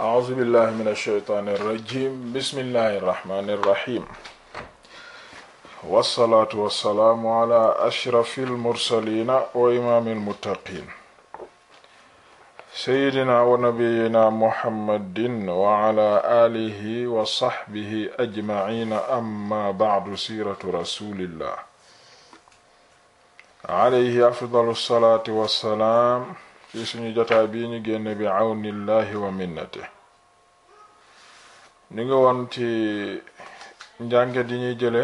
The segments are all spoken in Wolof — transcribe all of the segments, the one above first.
a'uuzu billahi min alsheytaani irrajim bismillahi irrahmani irrahim wassalaatu wassalaamu ala ashrafi almursalina wa imaami almuttaqin sayidina wa nabiyina muhammadin wa ala aalihi wa saxbihi ajmaciina amma bacdu siiratu rasulillah alayhi afdalu salaati wassalaam ci suñu jotaay bii ñu génn bi awnillahi wa minnate ñu ngi woon ci njànget yi ñuy jële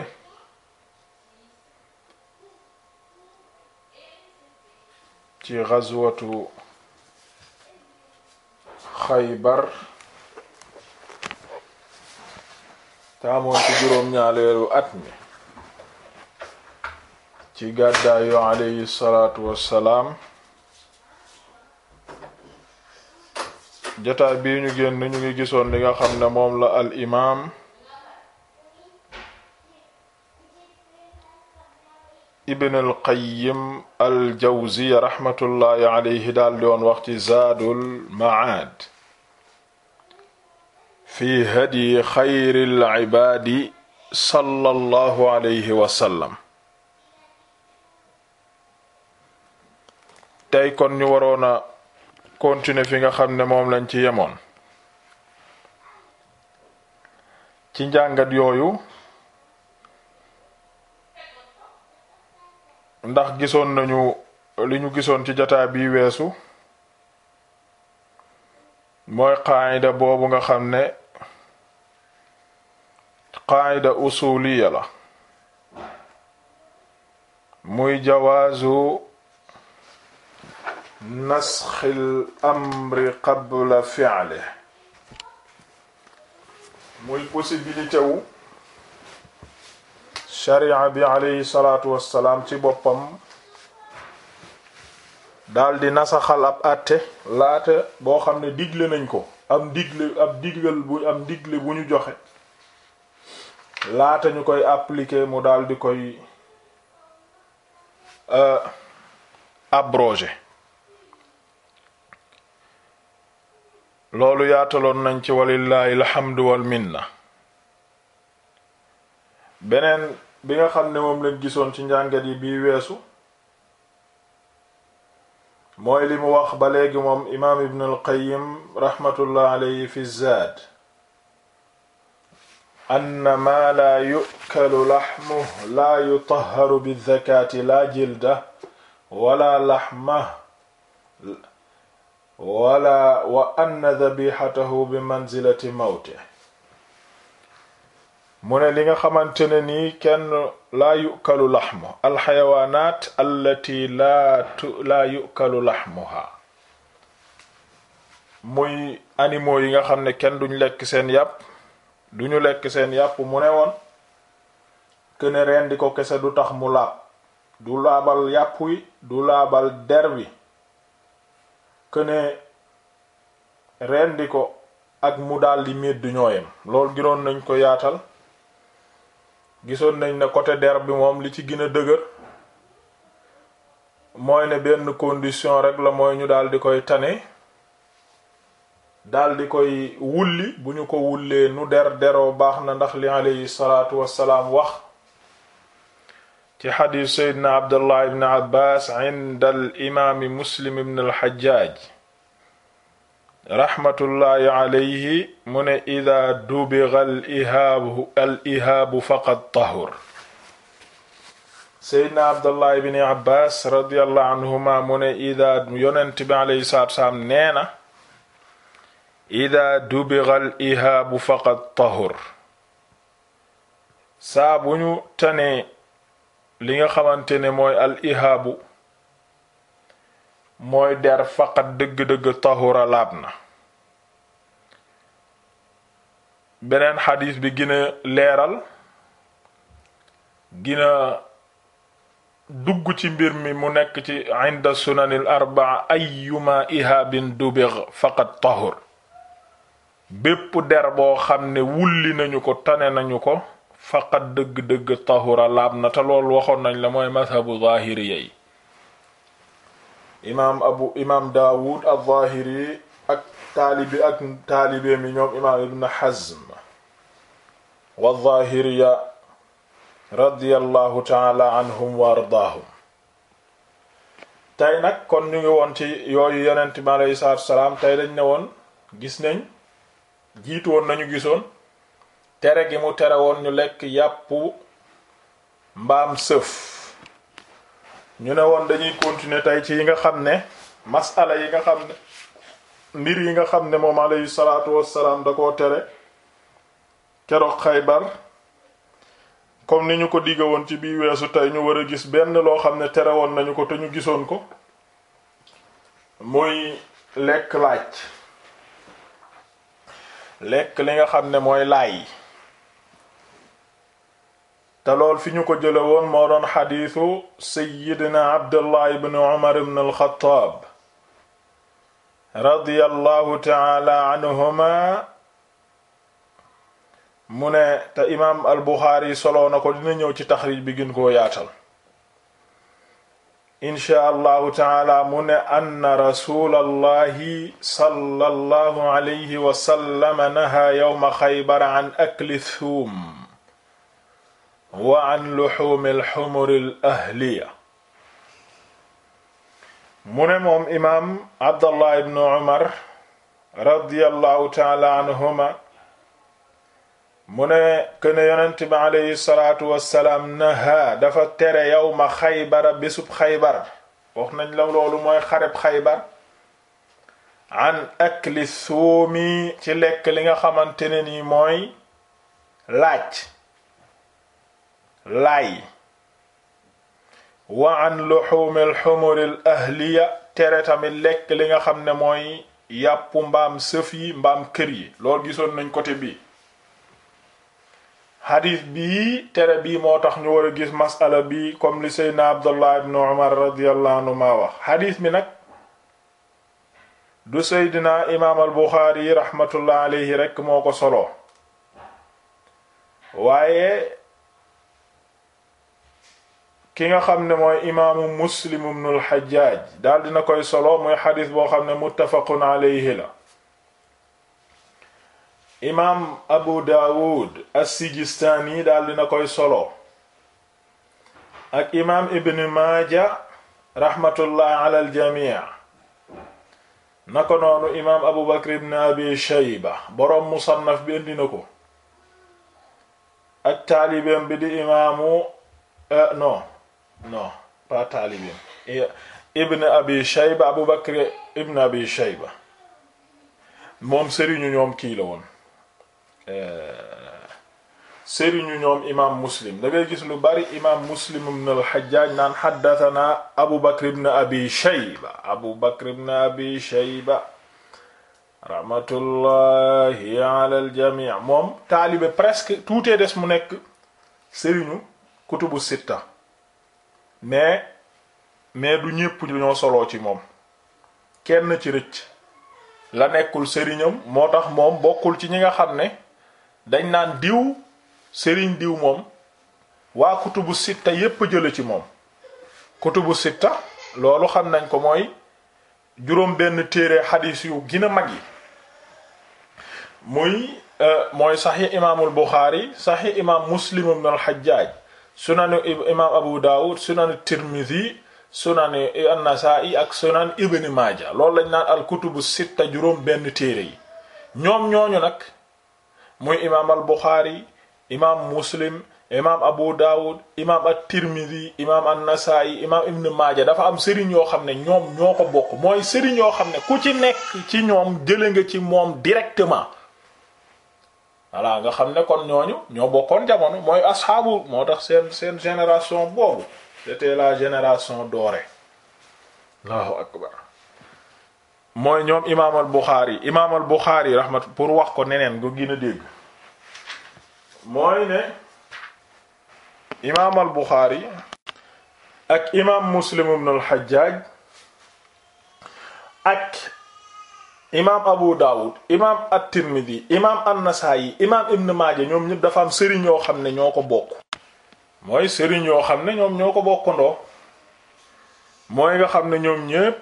ci gazwatu xaybar taamoon ci juróom ñaaleelu at mi ci gàddaayu alayhi salaatu wassalaam jotaay bii ñu génn ñu ngi gisoon li nga xam ne moom la al imaam ibn al qayyim al jawziya raxmatullaahi alayhi daal di woon wax ci zaadul macaad fi hadyi xayril cibaadi sallallahu alayhi wa sallam tey kon ñu waroona continuer fi nga xam ne moom lañ ci yemoon ci njàngat yooyu ndax gisoon nañu li ñu gisoon ci jataa bi weesu mooy qaayida boobu nga xam ne qaayida usuli la muy jawaazu nasxil amri qabla fi'li muy possibilité wu sharia bi aleyhi salaatu wassalaam ci boppam daldi nasaxal ab àtte laata boo xam ne digle nañ ko am digle ab digal bu am digle bu ñu joxe laata ñu koy appliquer mu daldi koy euh, abroger loolu yaataloon nañ ci walillaahi alhamdu wal minna beneen bi nga xam ne moom lañ gisoon ci njàngat yi bii weesu mooy li wax ba léegi moom imaam ibn al qayyim raxmatullah alayhi fi zaad anna maa laa yu'kalu laxmuhu laa yutahharu bi zakaati laa jilda wala laxma wala wa anna dhabihatahu bi manzilati mawte mu ne li nga xamante ne nii kenn laa yukalu laxmu alxayawaanaat allati laa tu laa yukalu laxmuha muy animaux yi nga xam ne kenn duñ lekk seen yàpp duñu lekk seen yàpp mu ne woon këne reen di ko kese du tax mu laab du laabal yàpp wi du laabal der wi ne rendi ko ak mu daldi meddu ñooyam loolu giroon nañ ko yaatal gisoon nañ ne côté der bi moom li ci gën a dëgër mooy ne benn condition rek la mooy ñu daldi koy tane daldi koy wulli bu ñu ko wullee nu der deroo baax na ndax li alayhi salaatu wassalaam wax ci xadiis seydna abdullah ibn abbas inda al imaami muslim ibn al xajjaaj raxmatullaahi alayhi mu ne ida dubiga al ihaabu al ihaabu faqad tahur seydna abdullah ibn abbas radiyallahu anhuma mu ne ida yonent bi alayhi salaatu salaam nee na ida dubiga al ihaabu faqad tahur saa bu ñu tanee li nga xamante ne mooy al ihaabu mooy der faqat dëgg-dëgg tahura laab na beneen xadiis bi gën a leeral gina dugg ci mbir mi mu nekk ci inda sunanil arbaa ayyuma ihaabin dubir faqat tahur bépp der boo xam ne wulli nañu ko tane nañu ko faqat dëgg-dëgg tahura laab na te nañ la mooy madhabu zaahiriya yi imaam abu imaam daawud az-zaahiri ak taalibi mi ñoom imaam ibn hazm wa zaahiriya radiyallahu taala anhum wa ardaahum tey kon ñu ngi woon ci yooyu yonent bi aleyhi salaatu salaam tey dañ ne woon gis nañ jiitu woon nañu gisoon tere gi mu tere woon ñu lekk yàppu mbaam sëf ñu ne woon dañuy continuer tey ci yi nga xam ne masala yi nga xam ne mbir yi nga xam ne moom alayhi salaatu wassalaam da koo tere keroog Xaybar comme ni ñu ko digga woon ci biir weesu tey ñu war a gis benn loo xam ne tere woon nañu ko te ñu gisoon ko muy lekk laaj lekk li nga xam ne mooy laay te lool fi ñu ko jële woon moo doon xadiisu seyyidina abdullah ibn umar ibn alxataab taala anhuma mu ne te imaam al na ko dina ñëw ci taxriij bi gën koo yaatal incha allahu taala mu ne anna rasulallahi sallallahu alayhi wa sallam naha yawma xaybar an akli thuum wa an luxuumi alxumur alahliya mu mu ne këne yonent bi dafa tere yawma xaybara bésub xaybar wax nañ la loolu mooy xareb xaybar an akli suumi ci lekk li nga xamante nii mooy laaj laay wa an luxumil xumuril ahliya tere tamit lekk li nga xam ne mooy yàppu mbaam sëf yi mbaam kër yi lool gisoon nañ côté bii xadiis bii tere bii moo tax ñu war a gis masala bi comme li seydna abdullah ibn umar radiyallahu anhu wax xadiis bi nag du seydna imaam al buxaari yi alayhi rekk moo ko solo waaye ki nga xam ne mooy imaamu muslim ibn al-Hajjaj daal dina koy solo mooy xadis boo xam ne muttafaqun alayhi la imaam abu daawud as-Sijistaani daal dina koy solo ak imaam ibn maaja rahmatullah ala al-jamii na ko noonu imaam abu bakr ibn abi shayba boroom musannaf bi indi na ko ak taalibeem bi di imaamu eh, non non pas taalibin ibn abi shayba abu bakr ibn abi shayba moom sëriñu ñoom kii la woon eh, sëriñu ñoom imam muslim da ngay gis lu bari imam muslim ibn al-hajjaj naan haddathana abu bakr ibn abi shayba abu bakr ibn abi shayba rahmatullahi ala al-jami' moom taalibe presque tuutee des mu nekk sëriñu kutubu sitta mais mais du ñépp ñoo soloo ci moom kenn ci rëcc la nekkul sëriñam moo tax moom bokkul ci ñi nga xam ne dañ naan diw sëriñ diw moom waa kutubu sitta yépp jële ci moom kutubu sitta loolu xam nañ ko mooy juróom benn téere xadiis yu gën a mag yi muy euh, mooy saxi imaamul Buxaari saxi imaam Muslim ibn al-Hajjaj sunanu imaam Abu Dawud sunanu Tirmidhi sunanu An-Nasa'i ak sunan Ibn Maaja loolu lañ naan al-kutubu sitta juróom benn téere yi ñoom ñooñu nag muy imaam al-Bukhari imaam Muslim imaam Abu Dawud imaam at-Tirmidhi imaam An-Nasa'i imaam Ibn Maaja dafa am sëriñ yoo xam ne ñoom ñoo ko bokk mooy sëriñ yoo xam ne ku ci nekk ci ñoom jële nga ci moom directement voilà nga xam ne kon ñooñu ñoo bokkoon jamono mooy asxaabu moo tax seen seen génération boobu c'était la génération dorée Allahu akbar mooy ñoom imaam al Buxaari imaam al Buxaari pour wax ko neneen nga gën a dégg mooy ne imaam al Buxaari ak imaam Muslim ibn al ak imaam Abu Dawud imaam at-Tirmidhi imaam an-Nasa'i imaam Ibn Maaja ñoom ñëpp dafa am sëriñ yoo xam ne ñoo ko bokk mooy sëriñ yoo xam ne ñoom ñoo ko bokkandoo mooy nga xam ne ñoom ñëpp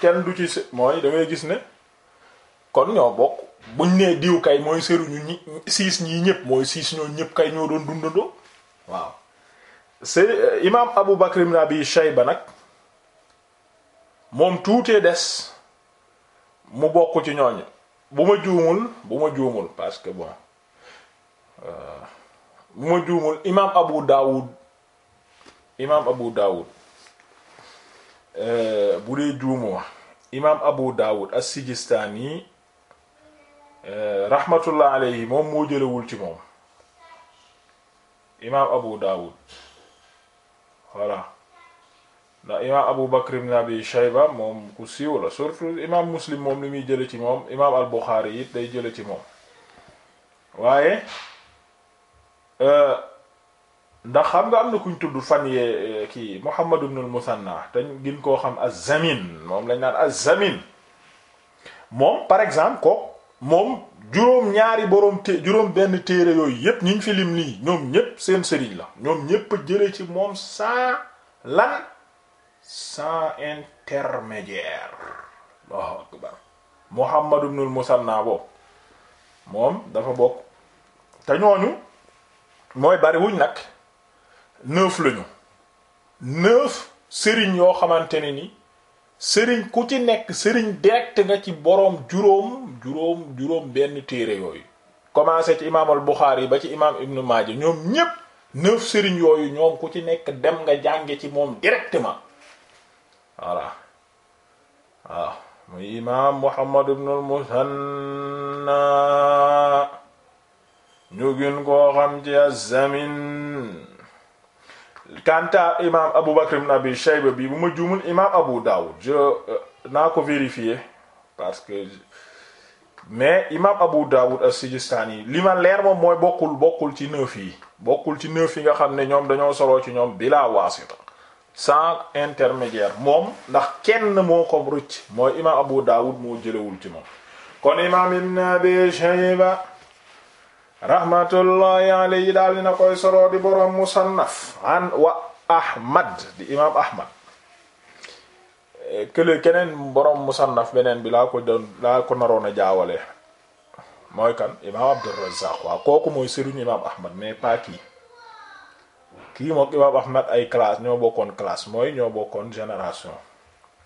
kenn du ci mooy da gis ne kon ñoo bokk buñ nee diw kay mooy sëriñu ñi siis ñii ñëpp mooy siis ñoo ñëpp kay ñoo doon dundandoo waaw c'est imaam Abu Bakr ibn Abi Shayba nag moom tuutee des. mu bokk ci ñooñ bu ma juumul bu ma juumul parce que bon euh, bu ma juumul imaam Abu Dawud imaam Abu Dawud euh, bu dee juumoo imaam Abu Dawud as-Sijistani euh, rahmatullah alayhi moom moo jëlewul ci moom imaam Abu Dawud voilà. ndax imaam Abu Bakr ibn Abi Shayba moom ku siiw la surtout imaam Muslim moom li muy jële ci moom imaam al Bukhari it day jële ci moom waaye euh, ndax xam nga am na kuñ tudd fan yee euh, kii Muhammad ibn al Muthanna te gin koo xam Az-Zamin moom lañ naan Az-Zamin moom par exemple ko moom juróom ñaari borom té juróom benn téere yooyu yépp ñu fi lim nii ñoom ñépp seen sëriñ la ñoom ñépp jële ci moom saa la sans intermédiaire Allahu akbar Muhammad ibnul Musanna moom dafa bokk te ñooñu mooy bariwuñ nag neuf lañu neuf sëriñ yoo xamante ne ni sëriñ ku ci nekk sëriñ direct nga ci boroom juróom juróom juróom benn téere yooyu commencé ci imaam al yi ba ci imaam Ibnu Maaja ñoom ñépp neuf sëriñ yooyu ñoom ku ci nekk dem nga jànge ci moom directement voilà waaw ah, muy imaam Muhammad ibn al-Musanna ñu gën koo xam ci az-Zamin imaam Abu Bakr ibn Abi Shayba bi bu ma juumul imaam Abu Dawud je euh, naa ko vérifier parce que mais imaam Abu Dawud as-Sijistani li ma leer moom mooy bokkul bokkul ci neuf bokkul ci neuf yi nga xam ne ñoom dañoo soloo ci ñoom bila wasita sans intermédiaire moom ndax kenn moo ko rëcc mooy imaam Abu Dawud moo jëlewul ci moom kon imaam Ibn Abi Shayba rahmatullahi daal dina koy solo di boroom musannaf an wa Ahmad di imaam Ahmad kële keneen boroom musannaf benen bi laa ko doon laa ko naroon jaawale mooy kan imaam Abdurrazzaq waaw kooku mooy sëriñu imaam Ahmad mais pas kii mook imaam Ahmad ay classe ñoo bokkoon classe mooy ñoo bokkoon génération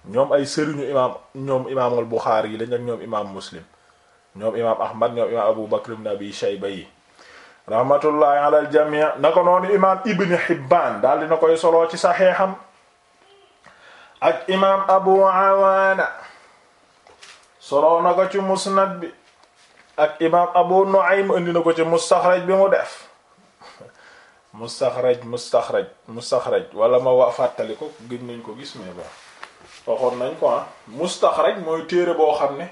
ñoom ay sëriñu imaam ñoom imaamul Buxaari yi lañ ñoom imaam Muslim ñoom imaam Ahmad ñoom imaam Abu Bakr ibn Abi Shayba yi rahmatullahi ala al jamii na noonu imaam Ibn Hibbaan daal dina koy soloo ci saxeexam ak imaam Abu Awaana soloo na ci musnad bi ak imaam Abu Nu'aym indi na ko ci mustaxraj bi mu def mustaxraj mustaxraj mustaxraj wala ma waa fàttali ko gën nañ ko gis mais bon waxoon nañ ko ah mustaxraj mooy téere boo xam ne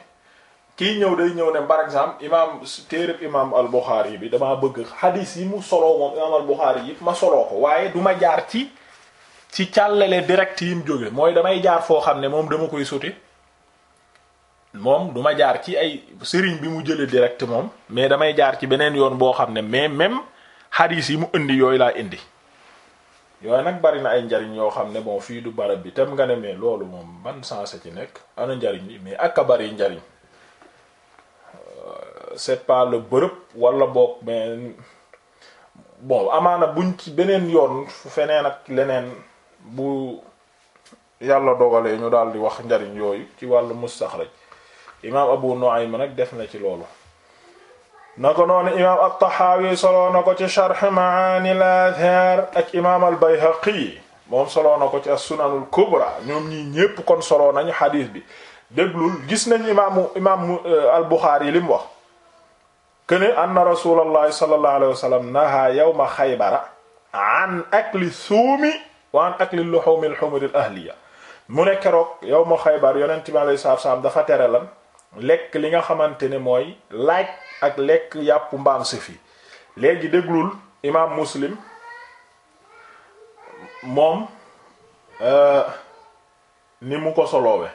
kii ñëw day ñëw ne par exemple imaam téere imaam al Buxaari bi damaa bëgg xadiis yi mu soloo moom imaam al Buxaari yi ma soloo ko waaye duma jaar ci ci càllale direct yi mu jóge mooy damay jaar foo xam ne moom dama koy suti moom duma jaar ci ay sëriñ bi mu jële direct moom mais damay jaar ci beneen yoon boo xam ne mais même xadiis yi mu indi yooyu laa indi yooyu nag bari na ay njariñ yoo xam ne bon fii du barab bi tam nga ne mais loolu moom ban sens ci nekk ana njariñ bi mais ak a bari njariñ euh, c'est pas le bërëb wala boog mais bon amaana buñ ci beneen yoon fu feneen ak leneen bu yàlla dogalee ñu daal di wax njariñ yooyu ci wàllu mustaxraj imaam Abu Nu'aym nag def na ci loolu na ko noonu imaam at-Tahawi soloo na ko ci Sharh Ma'aani al-Aathaar ak imaam al-Bayhaqi moom soloo na ko ci as-Sunanul Kubra ñoom ñii ñépp kon soloo nañu xadiis bi déglu gis nañ imaamu imaam euh, al-Buxaari li mu wax kene anna rasulallahi sallallahu alayhi wa sallam nahaa yawma Xaybara an akli suumi wa an akli luhuumi al-humuri ahliya mu ne keroog yawma Xaybar yonent bi alayhi salaatu wa salaam dafa tere lan lekk li nga xamante ne mooy laaj ak lekk yàppu mbaam sëf yi léegi déglul imaam muslim moom euh, ni mu ko soloowe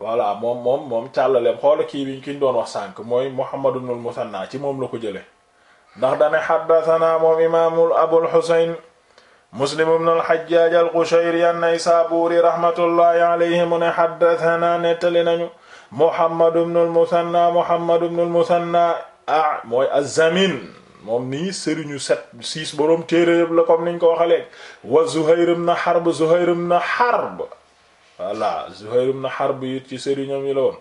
voilà moom moom moom càllaleem xoola kii bi ki doon wax sànk mooy muhammad ibn al-musanna ci moom la ko jële ndax dane xaddathana moom imaamul abul husayn muslim ibn al-hajjaj al-qushayri an-naysaburi rahmatullahi mu ne xaddathana nettali nañu Muhammad ibn al-Musanna Muhammad ibn al-Musanna ah mooy az-Zamin moom nii sëriñu set siis boroom téere yëpp la comme niñ ko waxalee wa Zuhayr ibn Harb Zuhayr ibn Harb voilà Zuhayr ibn Harb it ci sëriñam yi la woon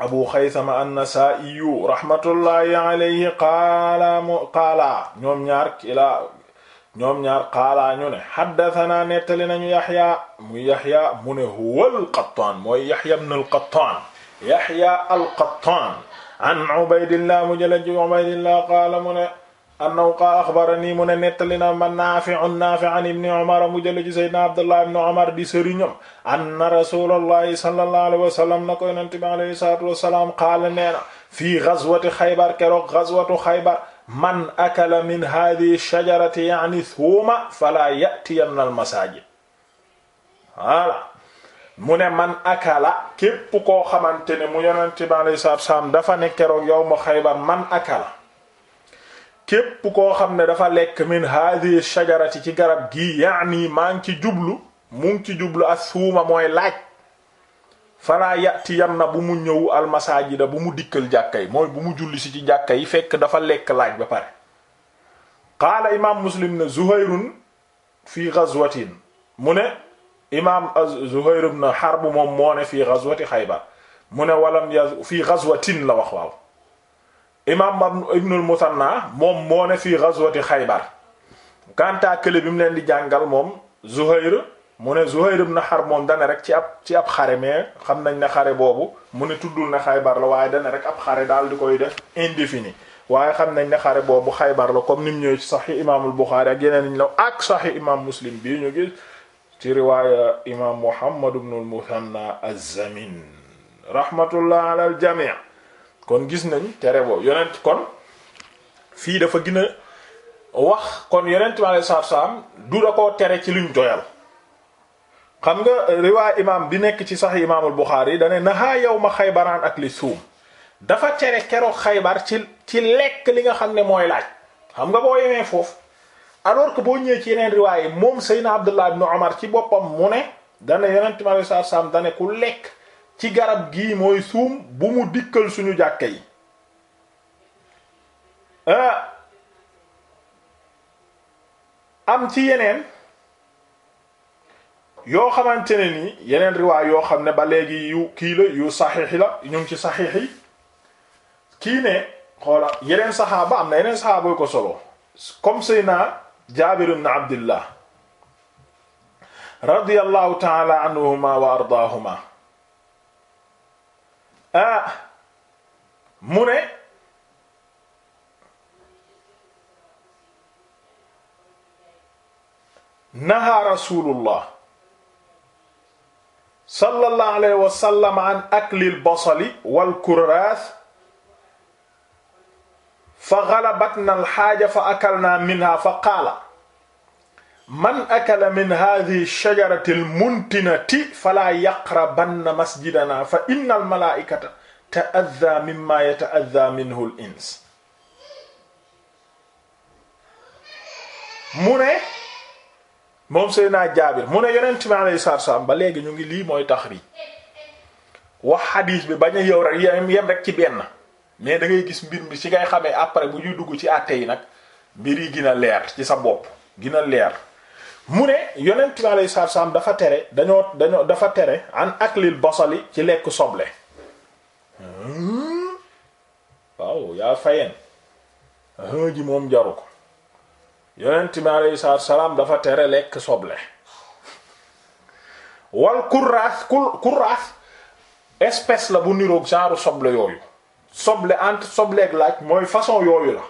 Abu Xaysama an-Nasaa'iyu rahmatullahi alayhi qaala qaala ñoom ñaar ki la ñoom ñaar xaalaa ñu ne xaddathana nettali nañu yaxya muy yaxya mu ne huwa al-Qattaan mooy yaxya ibn al-Qattaan yaxya al-Qattaan an ubaydillah mu jële ci ubaydillah qaala mu ne annahu qaala axbarani mu ne nettali na ma naafi'un naafi' an ibni umar mu jële ci sayyidina abdullah ibni umar di sëriñam anna rasulullahi sallallahu alayhi wa sallam na ko yonente bi alayhi salaatu wa salaam qaala nee na fii gazwati xaybar keroog gazwatu xaybar man akala min hadihi shajarati yaani thuuma fala yatiyanna al masajid voilà mu ne man akala képp koo xamante ne mu yonente bi alayhi dafa ne keroog yawma Xaybar man akala képp koo xam ne dafa lekk min hadihi shajarati ci garab gi yaani maa ngi ci jublu mu ngi ci jublu as suuma mooy laaj falaa yati yan na bu mu ñëw almasajida bu mu dikkal jàkka yi mooy bu mu julli si ci jàkka yi fekk dafa lekk laaj ba pare qaala imaam muslim ne zuhayrun fi ghazwatin mu ne imaam zuhayr ibn harb moom moo ne fi ghazwati xaybar mu ne walam ya fi ghazwatin la wax waaw imaam ibnul musanna moom moo ne fi ghazwati xaybar kantaa kële bi mu leen di jàngal moom zuhayr mu ne Zuhayr na xar moom dane rek ci ab ci ab xare mais xam nañ ne xare boobu mu ne tuddul ne Xaybar la waaye dane rek ab xare daal di koy def indéfini waaye xam nañ ne xare boobu Xaybar la comme ni mu ñëwee ci Sahih imaamul Buxaari ak yeneen ñu la ak Sahih imaam Muslim bii ñu gis ci riwaaya imaam Muhammad ibn al-Muthanna az-Zamin rahmatullah ala al-jamii kon gis nañ tere boobu yonent kon fii dafa gina a wax kon yonent bi alayhi salaatu wa salaam du da koo tere ci luñ doyal xam nga euh, riwaay imaam bi nekk ci sax imaamul Buxaari yi dane nahaa ma xaybaraan ak li suum dafa tere keroog xaybar ci ci lekk li nga xam ne mooy laaj xam nga boo yemee foofu alors que boo ñëwee ci yeneen riwaay yi moom Seydina Abdullah ibn Umar ci boppam mu ne dana yonent mi alayhi salaatu ku lekk ci garab gii mooy suum bu mu dikkal suñu jàkke yi euh, am ci yeneen yoo xamante ne ni yeneen riwaay yoo xam ne ba léegi yu kii la yu saxiix la ñu ngi ci saxiix yi kii ne xoola yeneen saxaaba am na yeneen saxaaba yu ko solo comme Seydina Jaabir ibn Abdillah radiyallahu taala anhuma wa ardaahuma ah mu ne naha rasulullah sallallahu alayhi wa sallam an aklil basali wal kurras fa ghalabatna al haaja fa akalna minha fa qaala man akala min hadhihi shajarati al muntinati fala yaqrabanna masjidana fa inna al malaa'ikata ta'adha mimma yata'adha minhu al ins mu ne moom Seydina Jaabir mu ne yonent bi alayhi salaatu salaam ba léegi ñu ngi lii mooy tax taxriij wax xadiis bi bañ a yow rek yem rek ci benn mais da ngay gis mbir mi ci ngay xamee après bu ñuy dugg ci àtte yi nag mbir yi gën a leer ci sa bopp gën a leer mu ne yonent bi alayhi salaatu dafa tere dañoo dañoo dafa tere an aklil basali ci lekk soble hmm? waaw yaa fayeen ji moom jaru ko yonent bi aleyhi salaatu salaam dafa tere lekk soble wal kurraas kurraas espèce la bu niroog genre soble yooyu soble entre soble ak laaj mooy façon yooyu la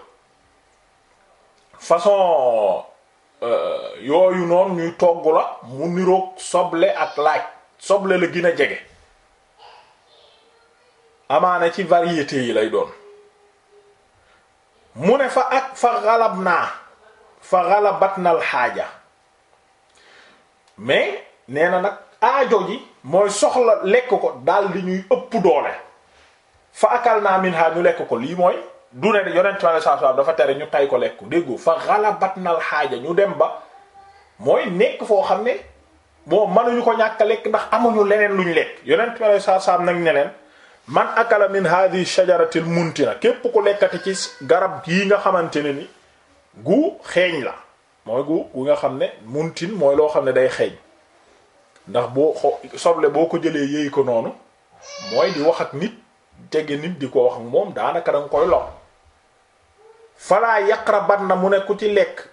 façon euh, yooyu noonu ñuy togg la mu niroog soble ak laaj soble la gin a jege amaana ci variété yi lay doon mu ne fa ak fa xalab naa fa galabatna al xaaja mais nee na nag aajo ji mooy soxla lekk ko daal di ñuy ëpp doole fa naa min minha ñu lekk ko lii mooy du ne yonent ma saa dafa tere ñu tay ko lekk déggu fa galabatna nal xaaja ñu dem ba mooy nekk foo xam ne moom mënuñu ko ñàkk lekk ndax amuñu leneen luñ lekk yonent ma saa saa nag ne leen man akala min hadhihi shajaratil muntina képp ku lekkati ci garab yi nga xamante ne ni. gu xeeñ la mooy gu gu nga xam ne muntin mooy loo xam ne day xeeñ ndax boo soble boo ko jëlee yéey ko noonu mooy di wax ak nit jege nit di ko wax ak moom daanaka danga koy lor falaa yaqrabanna mu ne ku ci lekk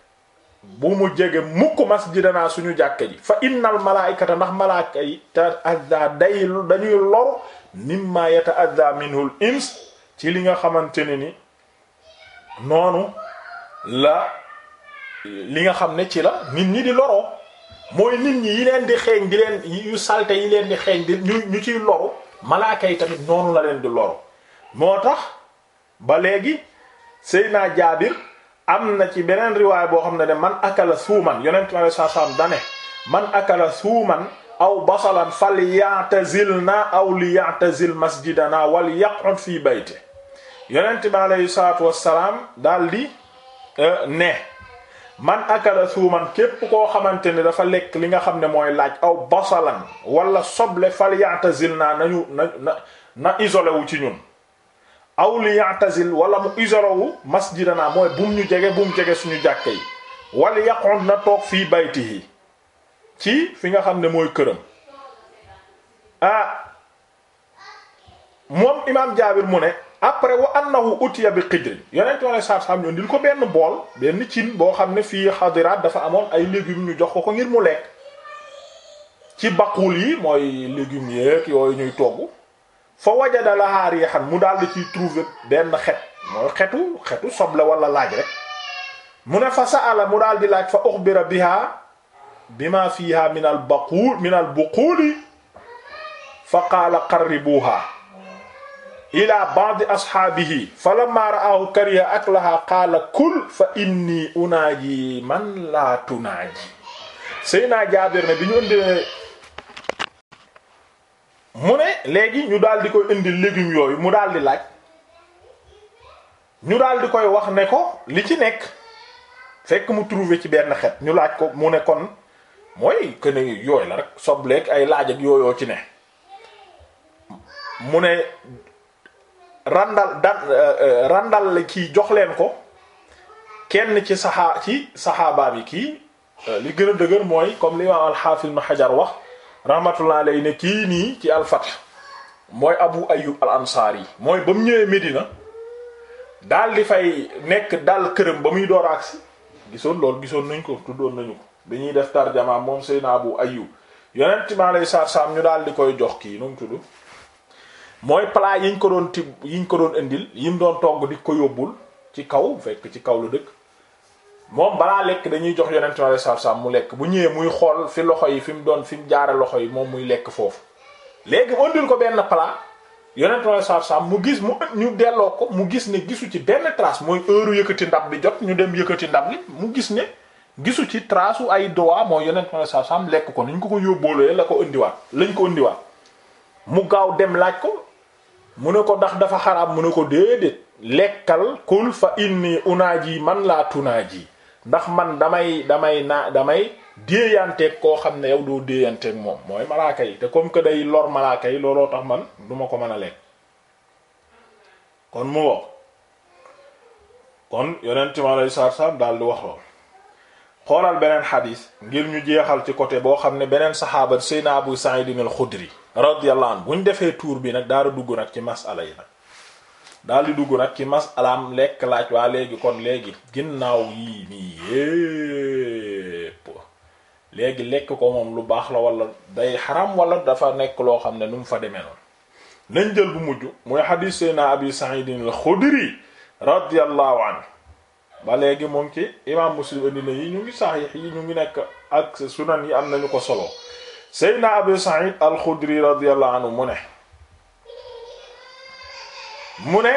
bu mu jege mukk masjidanaa suñu jàkke ji fa innal malaayikata ndax malaaka yi ta'adda day dañuy lor mimma yata'adda minhul ins ci li nga xamante ne ni noonu la li nga xam ne ci la nit ñi di loroo mooy nit ñi yi leen di xeeñ di leen yu salte yi leen di xeeñ di ñu ñu ciy loru malaaka yi tamit noonu la leen di loru moo tax ba léegi Seydina Jaabir am na ci beneen riwaay boo xam ne de man akala suuman yonent mi alei sat salaam dane man akala suuman aw basalan fal ya'tazil na aw li ya'tazil masjidana wal yaq'ud fi bayte yonent mi aleyhi salatu wasalaam di Euh, ne man akala suuman képp koo xamante ne dafa lekk li nga xam ne mooy laaj aw bosalan wala soble fal ya'tazil naa nañu na na na wu ci ñun aw li ya'tazil wala mu isolé wu masjidana mooy bum ñu jege bum jege suñu jàkke yi wala yaqoon na toog fii yi ci fi nga xam ne mooy këram ah moom imaam Jaabir mu ne après wa annahu utiya bi qidrin yonent wala saab saab ñoo ndil ko benn bool benn cin boo xam ne fii xadiraat dafa amoon ay légumes ñu jox ko ko ngir mu lekk ci baqul yi mooy légumes yeeg yooyu ñuy togg fa wajada lahaa xam mu daal di ciy trouver benn xet mooy xetu xetu soble wala laaj rek mu ne fa sa'ala mu daal di laaj fa ukhbira biha bima fiha min al baqul min al buquli fa qaala qarribuha ila ba'di ashaabihi falamma ra'ahu kariha aklaha qaala kul fa inni unaaji man laa tunaaji Seyna Jaabir ne bi ñu ëndee mu ne léegi ñu daldi di koy indi légumes yooyu mu daal laaj ñu daldi koy wax ne ko li ci nekk fekk mu trouvé ci benn xet ñu laaj ko mu ne kon mooy këne yooyu la rek sobleeg ay laaj ak yooyoo ci ne mu ne randal dan eh, eh, randal la kii jox leen ko kenn ci saxaa ci saxaabaa yi kii eh, li gën a dëgër mooy comme li imaam alxaafis ibn Hajar wax rahmatullah alayhi ne kii nii ci alfath mooy Abu Ayyub al Ansaari mooy ba mu ñëwee Medina daal di fay nekk daal këram ba muy door agsi gisoon loolu gisoon nañ ko tuddoon nañu ko bi ñuy def tarjama moom Seydina Abu Ayyub yonent mi alayhi salaam ñu daal di koy jox kii nu mu tudd. mooy plat yiñ ko doon tib yiñ ko doon indil yim doon togg di ko yóbbul ci kaw fekk ci kaw lu dëkk moom balaa lekk dañuy jox yonent Yàlla sallallahu alayhi mu lekk bu ñëwee muy xool fi loxo yi fi mu doon fi mu jaare loxo yi moom muy lekk foofu léegi mu indil ko benn plat yonent Yàlla sallallahu alayhi mu gis mu ñu delloo ko mu gis ne gisu ci benn trace mooy heure yëkkati ndab bi jot ñu dem yëkkati ndab li mu gis ne gisu ci trace u ay doa mooy yonent Yàlla sallallahu lekk ko ni ñu ko ko yóbboolee la ko indiwaat lañ ko indiwaat mu gaaw dem laaj ko mu ne ko ndax dafa xaraam mu ne ko déedéet lekkal kul fa inni ji man laa ji ndax man damay damay na damay déeyanteeg koo xam ne yow doo déeyanteeg moom mooy malaaka yi te comme que day lor malaaka yi looloo tax man duma ko mën a lekk kon mu ngo kon yonent mi alayhi salaatu salaam daal di wax lool xoolal beneen xadiis ngir ñu jeexal ci côté boo xam ne beneen saxaaba Seydina Abu Sa'id al-Khudri radiyallahu anhu buñ defee tuur bi nag daara dugg nag ci masala yi nag daal di dugg nag ci masalaam lekk laaj waa léegi kon léegi ginnaaw yii nii yépp léegi lekk ko moom lu baax la wala day xaram wala dafa nekk loo xam ne nu mu fa demee noonu nañ jël bu mujj muy xadiis sayna abi sa'idin al-xudri radiyallahu anhu ba léegi moom ci imaam muslim indi na yi ñu ngi saxiix yi ñu ngi nekk ak sunan yi am na ñu ko solo seydna abu sa'id alxudri radiyallahu anhu mu ne mu ne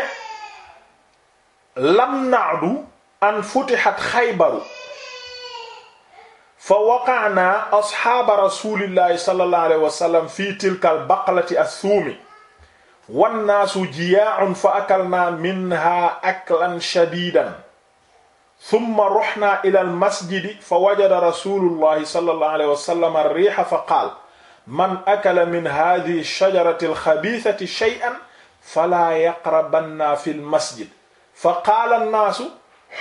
lam na'du an futixat xaybaru fa waqa'na asxaaba rasulillahi sallallahu alayhi wa sallam fi tilka albaqlati assuumi wannaasu jiyaa'un fa akalna minha aklan shadiidan summa ruxnaa ila almasjidi fa wajada rasulullahi sallallahu alayhi wa sallam arriixa fa qaal man akala min haadihi shajarati alxabiisati shay'an falaa yaqrabanna fi lmasjid fa qaala annaasu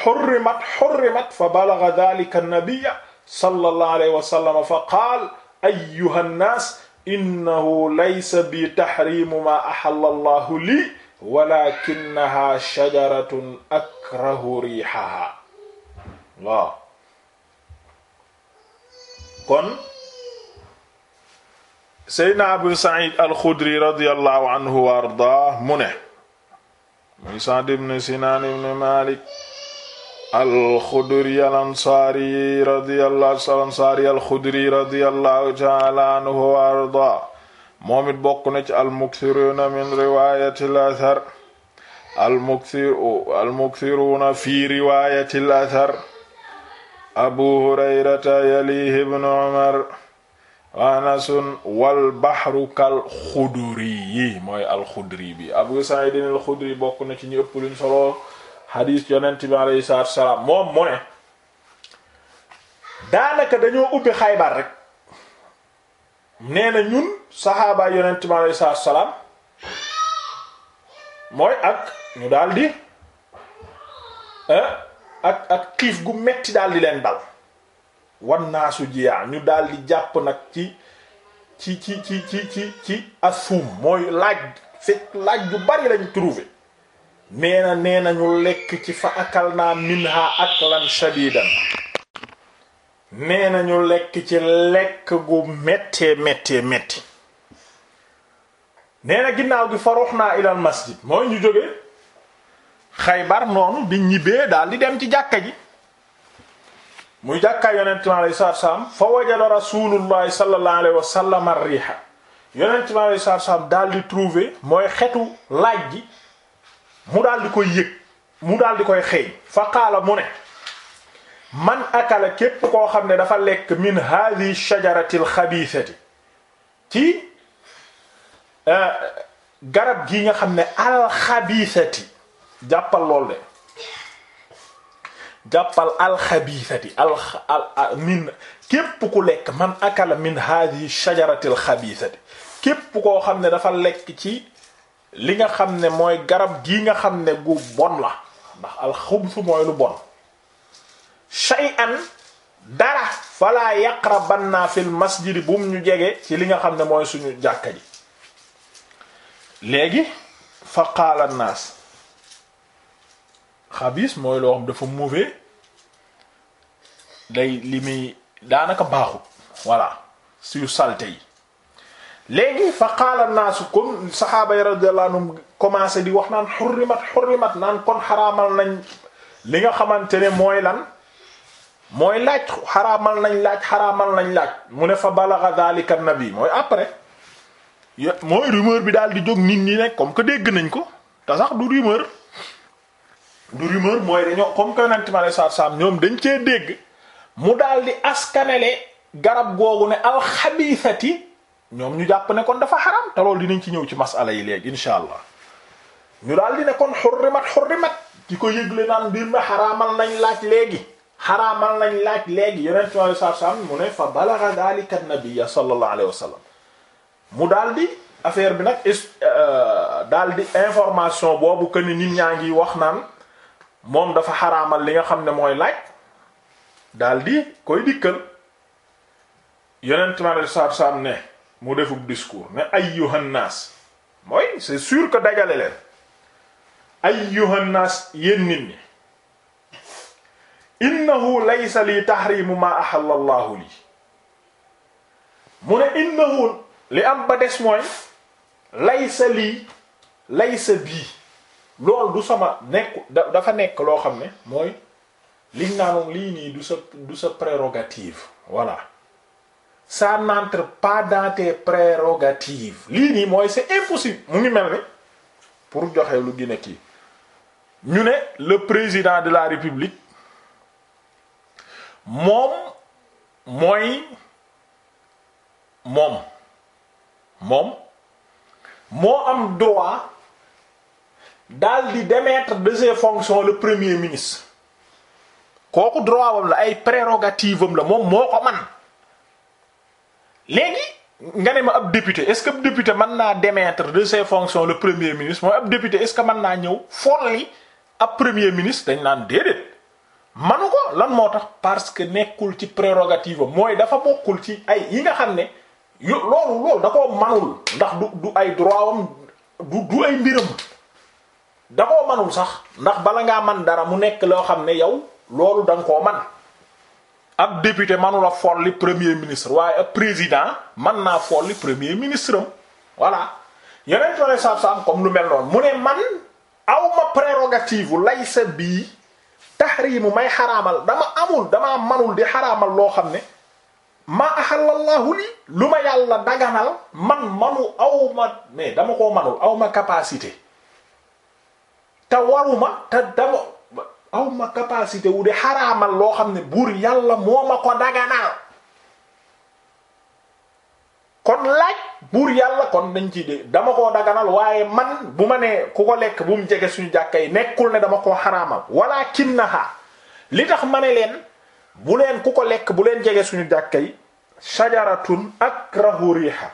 xurrimat xurrimat fa balaga daalika annabiya sallallahu alayhi wa sallam fa qaal ayyuha nnaas innahu laysa bi taxriimu maa axalla allahu lii walakinaha shajaratun akrahu riixaha waaw kon seydna abu said alxudri radiallahu anhu wa ardah mu ne muy Sa'd ibn Sinaan ibn Maalik alxudri alansaari radiyallahu alansaari alxudri radiyallahu ta'ala anhu wa ardah moom it bokk na ci almukthiruuna min riwaayati al-athar almukthiruuna fi riwaayati al-athar abu hurayrata yalihi ibnu umar wa anasun wal bahru kal xuduri yi mooy alxudri bi abu saidin alxudri bokk na ci ñu ëpp luñ solo xadiis yonent bi alayhi salaatu moom mu ne daanaka dañoo ubbi xaybar rek nee na ñun saxaabaay yonent bi alayhi salaatu mooy ak ñu daldi eh ak ak xiif gu metti daal di leen dal wan jiyaa ñu daldi jàpp nag ci ci ci ci ci ci ci assuum mooy laaj fekk laaj yu bari lañ trouvé nee na ñu lekk ci fa akal naa minha aklan shadidan nee na ñu lekk ci lekk gu méttee méttee métti nee ginnaaw gi faruux naa ilal masjid mooy ñu jógee xaybar noonu di ñibbee daal di dem ci jàkka ji muy jàkkaay yonent mi alayhi salaatu salaam fa wajada rasulullahi sallallahu alayhi wa sallam ar-riha yonent mi alayhi salaatu salaam daal di trouver mooy xetu laaj gi mu daal di koy yëg mu daal di koy xëy fa qaala mu ne man akala képp koo xam ne dafa lekk min hadhihi shajarati al-khabithati ci eh, garab gi nga xam ne al-khabithati jàppal lool de jàppal alxabiisati al min képp ku lekk man akala min hadihi shajaratil xabiisati képp koo xam ne dafa lekk ci li nga xam ne mooy garab gii nga xam ne gu bon la ndax alxubsu mooy lu bon shay'an dara fala yaqrabanna fil masjidi bum ñu jege ci li nga xam ne mooy suñu jàkka ji léegi fa qaala naas xabis mooy loo xam dafa mauvais day li muy daanaka baaxut voilà suyu salte yi léegi fa qaala naasu comme saxaaba yi radiyallahu anhum commencé di wax naan xurrimat xurrimat naan kon xaraamal nañ li nga xamante ne mooy lan mooy laaj xaramal nañ laaj xaramal nañ laaj mu ne fa balagha dhalika nabi mooy après mooy rumeur bi daal di jóg nit ñi ne comme que dégg nañ ko te sax du rumeur du rumeur mooy dañoo comme que yonent mi alei satu ñoom dañ cee dégg mu daal di askanele garab googu ne alxabiisati ñoom ñu jàpp ne kon dafa xaram te loolu dinañ ci ñëw ci masala yi léegi insha allah ñu daal di ne kon xurrimat mat di ko yëgle naan mbir mi xaraamal nañ laaj léegi xaraamal nañ laaj léegi yonent mi alei satu salaam mu ne fa balagha dhalika an-nabiyya sallallahu alayhi mu daal di affaire bi nag euh, daal di information boobu que ni nit ñaa ngi wax naan moom dafa xaraamal li nga xam ne mooy laaj daldi koy dikkal yonent ma saab saab ne mu defub discours ne ayyuhan naas mooy c'est sur que dajale leen ayyuhan naas yéen nit ñi innahu laysa li tahrimu ma ahalla Allahu li mu ne innahu li am ba des mooy laysa lii laysa bii loolu du sama nekk dafa nekk loo xam ne mooy liñ naanoon lii nii du sa du sa prérogative voilà ça n'entre pas dans lii nii mooy c'est impossible mu ngi mel ni pour joxe lu gën a kii ñu ne le président de la république moom mooy moom moom moo am droit daal di demetre de ses fonctions le premier ministre kooku droit wam la ay prérogatives am la moom moo ko man léegi nga ne ma ab député est-ce que ab député mën naa démettre de ses fonctions le premier ministre mooy ab député est-ce que mën naa ñëw folli ab premier ministre dañ naan déedéet manu ko lan moo tax parce que nekkul ci prérogative am mooy dafa bokkul ci ay yi nga xam ne yo loolu loolu da koo manul ndax du du ay droit wam du du ay mbiram da koo manul sax ndax bala ngaa man dara mu nekk loo xam ne yow loolu da nga koo man ab député manula folli premier ministre waaye ab président man naa folli premier ministre am voilà yeneen toole saab-saab comme lu mel noonu mu ne man awma prérogative lay sa bii tahrimu may xaraamal dama amul dama manul di xaraamal loo xam ne maa axalallahu li lu ma yàlla daganal man manu awma mais dama koo manul awma capacité te waruma te dama aw capacité wu di xaraamal loo xam ne buur yàlla moo ma ko daganal kon laaj buur yàlla kon dañ ci de dama koo daganal waaye man bu ma ne ku ko lekk bu mu jege suñu jàkka yi nekkul ne dama ko xaraamal wala kinnaha li tax ma ne leen bu leen ku ko lekk bu leen jege suñu jàkka yi shajaratun akrahu riha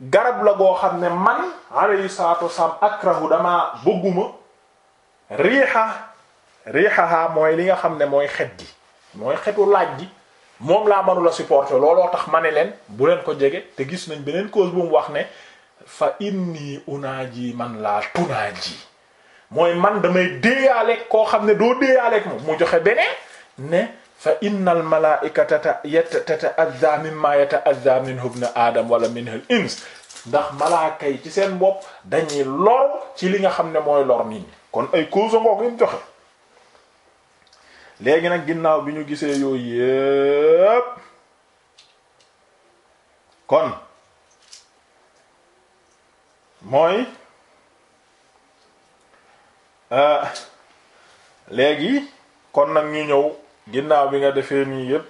garab la goo xam ne man alayhi salatu ak akrahu dama bëgguma riixa riixahaa mooy li nga xam ne mooy xet ji mooy xetu laaj ji moom laa manula supporter looloo tax ma ne leen bu leen ko jege te gis nañ beneen cause bu mu wax ne fa inni ji man laa ji mooy man damay déeyaaleeg koo xam ne doo déeyaaleeg moom mu joxe beneen ne fa innal malaa'ikata tata tata azza mimma yata azza minhu ibn aadam wala minhu al ins ndax malaaka yi ci seen bopp dañuy lor ci li nga xam ne mooy lor nit kon ay cause ngoog yi mu joxe léegi nag ginnaaw bi ñu gisee yooyu yépp kon mooy euh, léegi kon nag ñu ñëw ginnaaw bi nga defee nii yëpp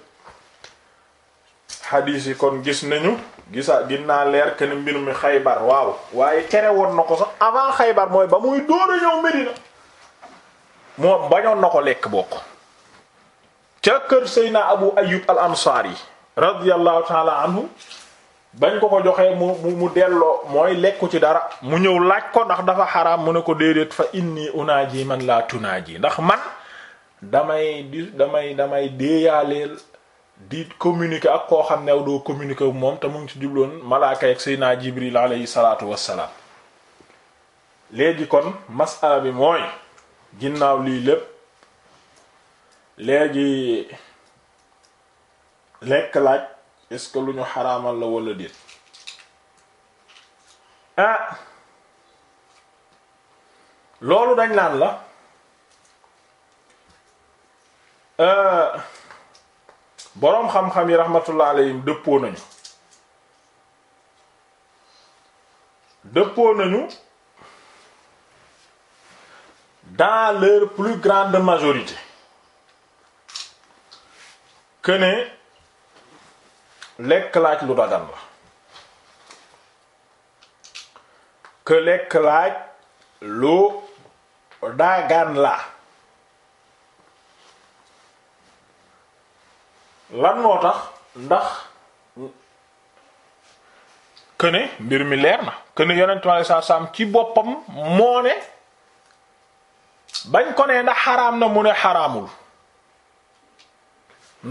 xadiis yi kon gis nañu gisa dinaa leer que ni mbir mi xaybar waaw waaye tere woon na ko sax avant xaybar mooy ba muy dóora ñëw Medina moom bañoon na ko lekk bokk ca kër Seyna Abu Ayyub al Ansari radiyallahu taala anhu bañ ko ko joxee mu mu delloo mooy lekku ci dara mu ñëw laaj ko ndax dafa xaraam mu ne ko déedéet fa inni unaaji man laa tunaaji ndax man damay di damay damay déeyaaleel di communiquer ak koo xam ne aw doo communiquer moom te mu ngi ci jubloon malaaka ak Seydina Jibril alayhi salaatu wassalaam léegi kon masala bi mooy ginnaaw lii lépp léegi lekk laaj est lu ñu xaraamal la wala déet ah, loolu dañ naan la euh, boroom xam-xam yi rahmatullah alayhim dëppoo nañu dëppoo nañu dans leur plus grande majorité que ne lekk laaj lu dagan la que lekk laaj lu dagan la lan moo tax ndax këne mbir mi leer na këne yonent mi saa saam ci boppam moo ne bañ kone nee ndax xaraam na mu ne xaraamul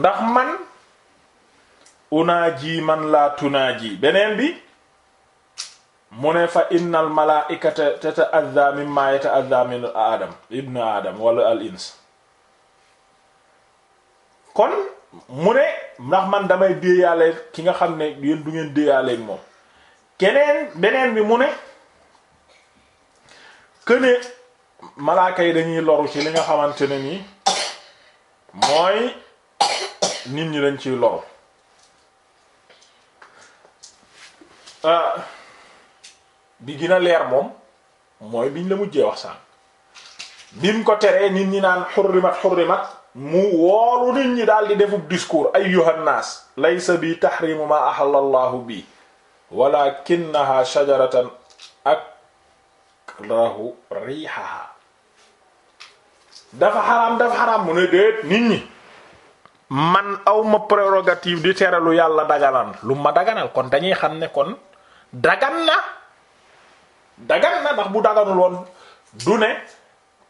ndax man unaaji man laa tunaaji beneen bi mu ne fa innal malaaikata tata'adha mimma yata'adha min aadam ibnu aadam wala al ins kon mu ne ndax man damay déeyaale ki nga xam ne yéen du ngeen déeyaale moom keneen beneen bi mu ne këne malaaka yi dañuy loru ci li nga xamante ne nii mooy nit ñi dañ ciy loru euh, bi gina leer moom mooy biñ la mujjee wax sànq bi mu ko teree nit ñi naan xurrimat xurrimat mu woolu nit ñi daal di defub discours ayyuhan naas laysa bi tahrimu ma ahalla allahu bi walakinaha shajaratan akrahu rihaha dafa xaraam dafa xaraam mu ne déet nit ñi man awma prérogative di tere lu yàlla daganal lu ma daganal kon dañuy xam ne kon dagan na dagan na ndax bu daganul woon du ne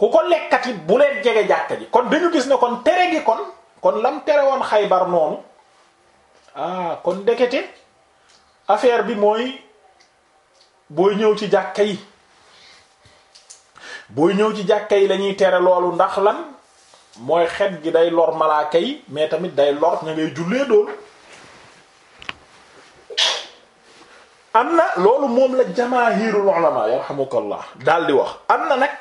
ku ko lekkati bu leen jege jàkka ji kon dañu gis na kon tere gi kon kon lam tere woon xaybar noonu ah, kon ndekete affaire bi mooy booy ñëw ci jàkka yi booy ñëw ci jàkka yi lañuy tere loolu ndax lan mooy xet gi day lor malaaka yi mais tamit day lor ña ngay jullee doon am na loolu moom la jamaahirul ulama yarhamukallah daal di wax am na nag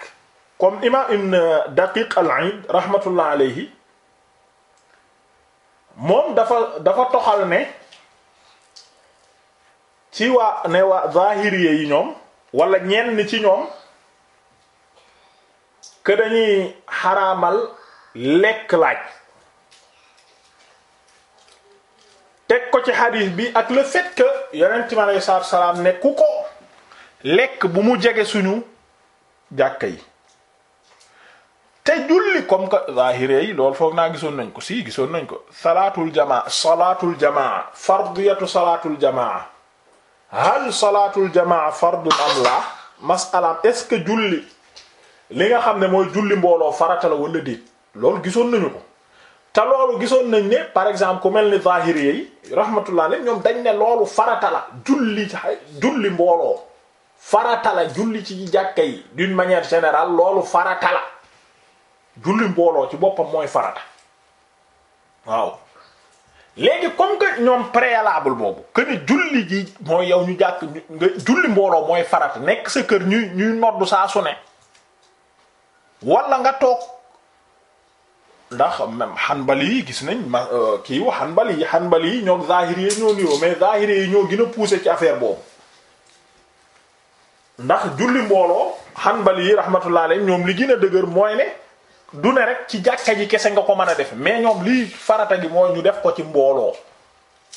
comme imam ibn daqiq al-Aid rahmatullah alayhi moom dafa dafa toxal ne ci waa ne waa zahiriye yi ñoom wala ñenn ci ñoom que dañuy xaraamal lekk laaj teg ko ci xadiis bi ak le fait que yonent mi salaam ne ku ko lekk bu mu jege suñu jàkka yi ngay julli comme que zahiré yi lool foog naa gisoon nañ ko si gisoon nañ ko salaatul jamaa salaatul jamaa fardiyatu salaatul jamaa hal salaatul jamaa fardun am la masalaam est-ce que julli li nga xam ne mooy julli mbooloo farata la wala déet loolu gisoon nañu ko te loolu gisoon nañ ne par exemple ku mel ni zahiré yi rahmatullah alayhi ñoom dañ ne loolu farata la julli julli mbooloo farata la julli ci jàkka yi d'une manière générale loolu farata julli mbooloo ci boppam mooy farata waaw léegi comme que ñoom préalable boobu que ni julli ji mooy yow ñu jàkk nga julli mbooloo mooy farata nekk sa kër ñuy ñuy noddu saa su ne wala nga toog ndax même xanbali yi gis nañ ma euh, kii wa xanbali yi xanbali yi ñoom zahiri yi ñoo niroo mais zahiri yi ñoo gën a poussé ci affaire boobu ndax julli mbooloo xanbali yi rahmatullah alayhi ñoom li gën a dëgër mooy ne dune rek ci jàkka ji kese nga ko mën a defe mais ñoom lii farata gi mooy ñu def ko ci mbooloo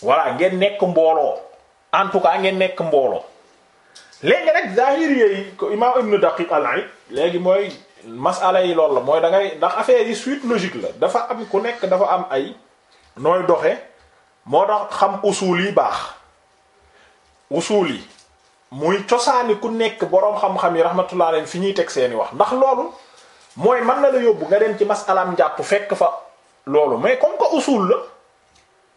voilà ngeen nekk mbooloo en tout cas ngeen nekk mbooloo léegi rek zahiri yi ko imam ibnu léegi mooy masala yi loolu la mooy da ngay ndax affaire yi suite logique la dafa am ku nekk dafa am ay nooy doxe moo tax xam usul yi baax usul yi muy cosaani ku nekk boroom xam-xam yi rahmatullah alayhi fi ñuy teg seeni wax ndax loolu mooy man na la yóbbu nga dem ci masalaam njàpp fekk fa loolu mais comme que usul la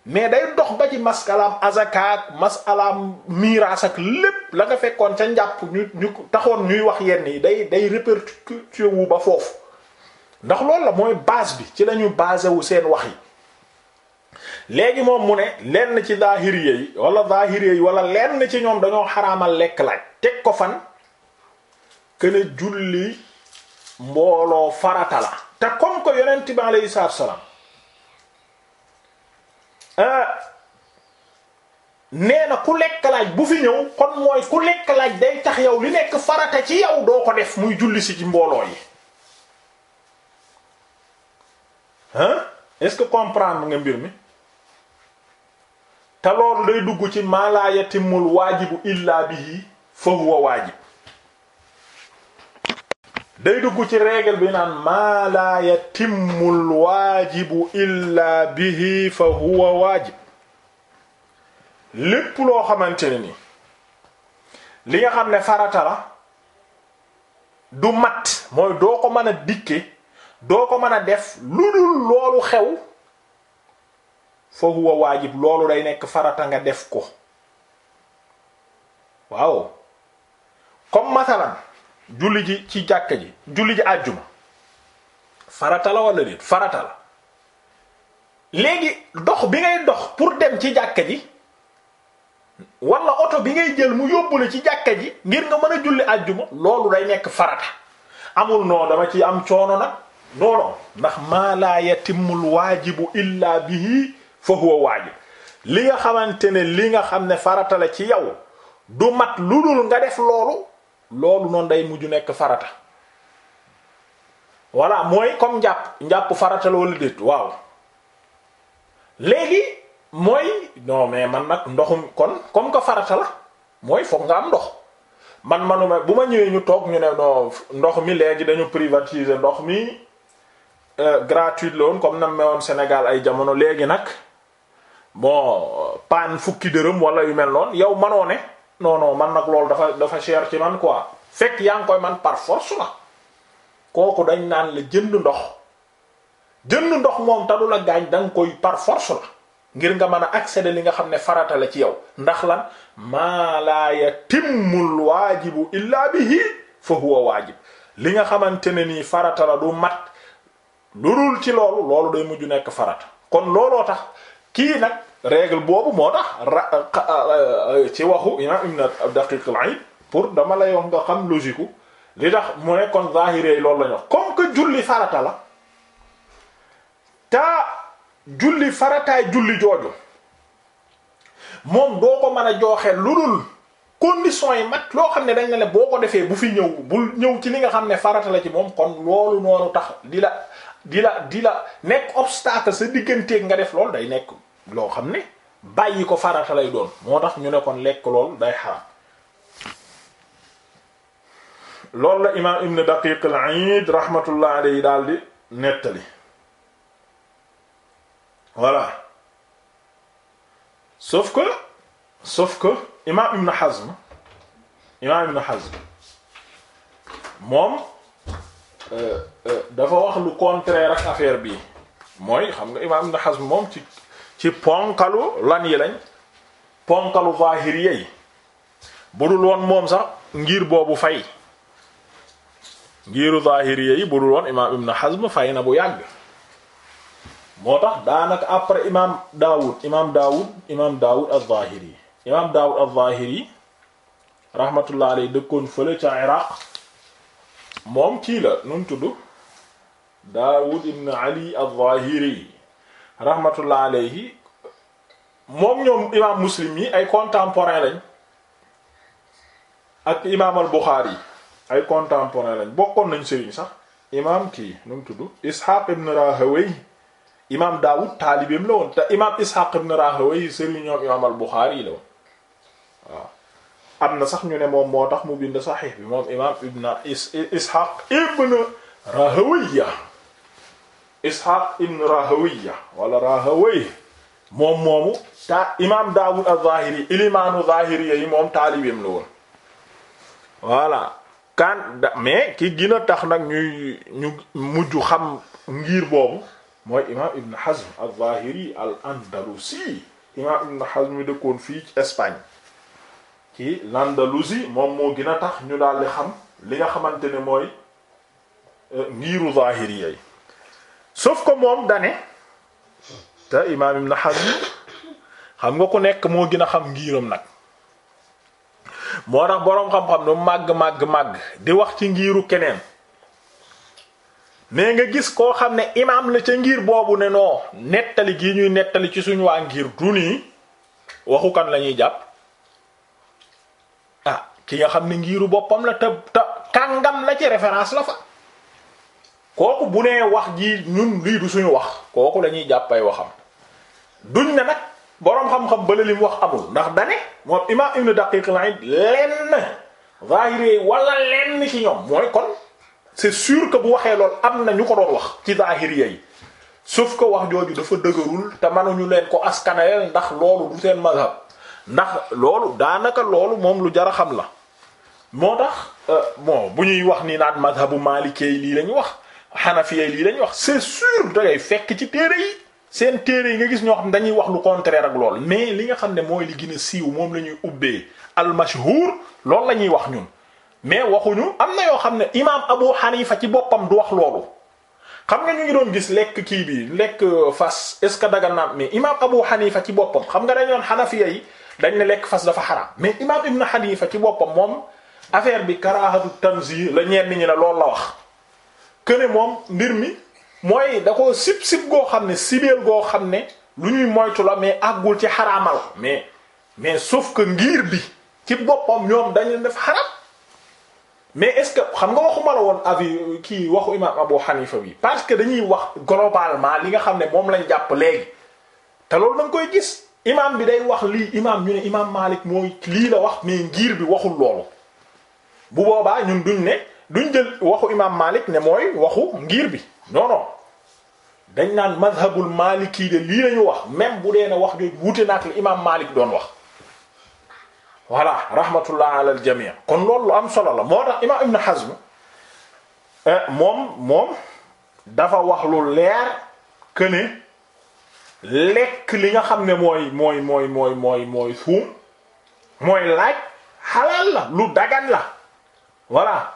mais day dox ba ci masalaam azakaak masalaam miiraas ak lépp la nga fekkoon ca njàpp ñu ñu taxoon ñuy wax yenn yi day day répercuté wu ba foofu ndax loolu la mooy base bi ci lañu basé wu seen wax yi léegi moom mu ne lenn ci zaahiriye yi wala zaahiriye yi wala lenn ci ñoom dañoo xaraamal lekk laaj teg ko fan kën a julli mbooloo farata la te comme que yonent bi aleyhi salaatu salaam euh, nee na ku lekk laaj bu fi ñëw kon mooy ku lekk laaj day tax yow li nekk farata ci yow doo ko def muy julli si ci mbooloo yi hein est-ce que comprendre nga mbir mi te loolu day dugg ci ma la yatimul waajibu illa bihi fa huwa waajib day dugg ci règle bi naan maa laa yatimmul waajibu illaa bihi fa huwa waajib lépp loo xamante ne ni li nga xam ne farata la du mat mooy doo ko mën a dikke doo ko mën a def lu dul loolu xew fa huwa waajib loolu day nekk farata nga def ko waaw comme masalan julli ji ci jàkka ji julli ji àjjuma farata la wala déet farata la léegi dox bi ngay dox pour dem ci jàkka ji wala oto bi ngay jël mu yóbbu ci jàkka ji ngir nga mën a julli àjjuma loolu day nekk farata amul noo dama ci am coono nag noonu ndax maa laa yatimmul waajibu illaa bihi fa huwa waajib li nga xamante ne li nga xam ne farata la ci yow du mat lu dul nga def loolu loolu noonu day mujj nekk farata voilà mooy comme njàpp njàpp farata la wala waaw léegi mooy non mais man nag ndoxum kon comme que farata la mooy foog nga am ndox man manuma bu ma ñëwee ñu toog ñu ne non ndox mi léegi dañu privatiser ndox mi euh, gratuit la comme nam mewoon senegal ay jamono léegi nag bon euh, paan fukki dërëm wala yu mel noon yow manoo ne non man nag loolu dafa dafa cher ci man quoi fekk yaa ngi koy man par la kooku dañ naan la jënd ndox jënd ndox moom ta du la gaañ da koy par la ngir nga mën a accéder li nga xam ne farata la ci yow ndax lan maa laa yatimmul waajibu illaa bihi fa huwa waajib li nga xamante ne nii farata la du mat lu dul ci loolu loolu day mujj nekk farat kon looloo tax kii nag règle boobu moo tax ra euh, ci waxu imam ibn daqiq al-aid pour dama la wax nga xam logique u li tax mu ne kon zahiri loolu la ñu comme que julli farata la taa julli farataay julli jooju moom doo ko mën a jooxe lu dul conditions yi mat loo xam ne dañ ne la boo ko defee bu fi ñëw bul ñëw ci li nga xam ne farata la ci moom kon loolu noonu tax di la di la di la nekk obstacle sa digganteeg nga def loolu day nekk loo xam ne bàyyi ko farata lay doon moo tax ñu ne kon lekk day xaram loolu la imaam ibn daqiq al-Iid rahmatullah alayhi daal di nettali voilà sauf que sauf que imaam ibn Hazm imaam ibn Hazm moom euh, euh, dafa wax lu contraire ak bi mooy xam nga imaam ibn Hazm moom ci ci ponkalu lan yi lañ ponkalu zahir yey budul woon moom sax ngir boobu fay ngiru zahir yey budul woon imaam Ibn Hazm fay na bu yàgg moo tax daanaka après imaam Daawud imaam Daawud imaam Daawud imaam Daawud az-Zahiri rahmatullah alayhi dëkkoon fële ca Iraq moom kii la nu mu ibn Ali az-Zahiri rahmatullah alayhi moom ñoom imaam muslim yi ay contemporain lañ ak imaam al Buxaari yi ay contemporain lañ bokkoon nañ sëriñ sax imaam kii nu mu tudd Ishaq ibn Rahawayh imaam Daawud taalibeem la woon te imaam Ishaq ibn Rahawayh sëriñ ñoom imaam al Buxaari yi la woon waaw am na sax ñu ne moom moo tax mu bind saxiix bi moom imaam ibn Ishaq ibn Rahawayh Isxaaq ibn Rahawiya wala Rahawayh moom moomu ta imaam Daawud az-Zahiri ilimaanu Zahiri yi moom taalibeem la woon voilà kan mais ki gën tax nag ñu mujj xam ngir boobu mooy imaam Ibn Hazm az-Zahiri al-Andalusi imaam Ibn Hazm mi dëkkoon fii ci Espagne ci l'Andalousie moom moo gën a tax ñu daal di xam li nga xamante ne mooy euh, ngiru Zahiri yi sof ko moom dane te imaam Ibn Hazm xam nga ku nekk moo gën a xam ngiiram nag moo tax boroom xam-xam nu màgg màgg màgg di wax ci ngiiru keneen mais nga gis koo xam ne imaam la ci ngiir boobu ne noo nettali gi ñuy nettali ci suñu waa ngir du nii waxu kan la jàpp ah ki nga xam ne ngiiru boppam la te te kàngam la ci référence la fa kooku bu nee wax ji ñun lii du suñu wax kooku lañuy ñuy jàppay waxam duñ ne nag boroom xam-xam bële wax amul ndax dane moom imam ibnu daqiq al-Id lenn zahiri wala lenn ci ñoom mooy kon c'est sûr que bu waxee lool am na ñu ko doon wax ci zahiri yi sauf que wax jooju dafa dëgërul te mënuñu leen ko askanayel ndax loolu du seen mazhab ndax loolu daanaka loolu moom lu jar a xam la moo tax euh, bon bu ñuy wax ni naan mazhabu maalikee lii lañu wax xanafiya lii lañ wax c'est sûr dangay fekk ci téere yi seen téere yi nga gis ñoo xam dañuy wax lu contraire ak lool mais li nga xam ne mooy li gën a siiw moom la ñuy ubbee almashhur loolu la ñuy wax ñun mais waxuñu am na yoo xam ne imaam Abu Hanifa ci boppam du wax loolu xam nga ñu ngi doon gis lekk kii bi lekk euh, fas est ce que daga naam mais imaam Abu Hanifa ci boppam xam nga dañu doon xanafiya yi dañ ne lekk fas dafa xaraam mais imaam Ibn Hanifa ci boppam moom affaire bi karaahatu tanzih la ñenn ñi ne loolu la wax. këne moom mbir mi mooy da ko sib sib goo xam ne sibeel goo xam ne lu ñuy moytu la mais àggul ci xaraamal mais mais sauf que ngir bi ci boppam ñoom dañ leen def xaraam mais est-ce xam nga waxuma la woon avis kii waxu imam Abu Hanifa bi parce que dañuy wax globalement li nga xam ne moom lañ jàpp léegi te loolu dañ koy gis imam bi day wax lii imam ñu ne imam Malik mooy lii la wax mais ngir bi waxul loolu bu boobaa ñun duñ ne duñ jël waxu imaam Malik ne mooy waxu ngir bi non dañ naan mazhabul maliki de lii lañu wax même bu dee ne wax jooju wuute na ak imaam Malik doon wax. voilà rahmatullah alal jamii kon loolu am solo la moo tax imaam eh, moom moom dafa wax lu leer que lekk li nga xam ne mooy mooy mooy mooy mooy suum mooy laaj xalaal la lu dagan la voilà.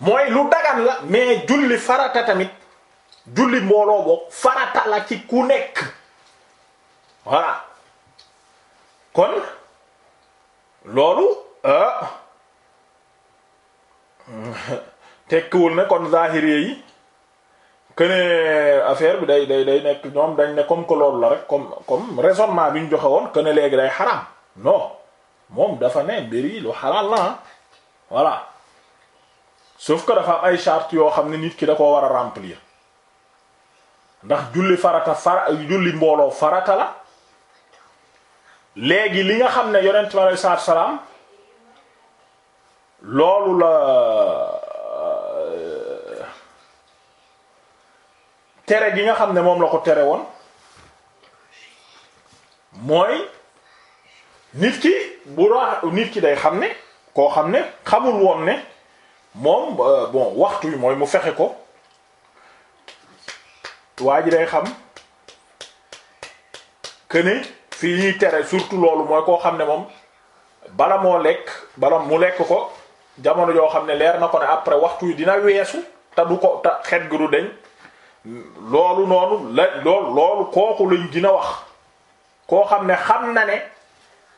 mooy lu dagan la mais julli farata tamit julli mbooloo boog farata la ci ku nekk voilà kon loolu euh, tekkiwul ne kon zahiri yi que ne affaire bi day day day nekk ñoom dañ ne comme que loolu la rek comme comme raisonnement bi ñu joxe woon que ne léegi day xaraam non moom dafa ne mbir lu xalaal la voilà. sauf que dafa ay charte yoo xam ne nit ki da ko war a remplir ndax julli farata fara julli mbooloo farata la léegi li nga xam ne yonent bi alei salaatu salaam loolu la euh, tere gi nga xam ne moom la ko tere woon mooy nit ki bu nit ki day xam ne koo xam ne xamul woon ne moom euh, bon waxtu wi mooy mu fexe ko waa ji day xam que ne fii ñuy tere surtout loolu mooy koo xam ne moom bala moo lekk bala mu lekk ko jamono joo xam ne leer na ko ne après waxtu wi dina weesu te du ko te xet gi du deñ loolu noonu la loolu loolu kooku lañ dina wax koo xam ne xam na ne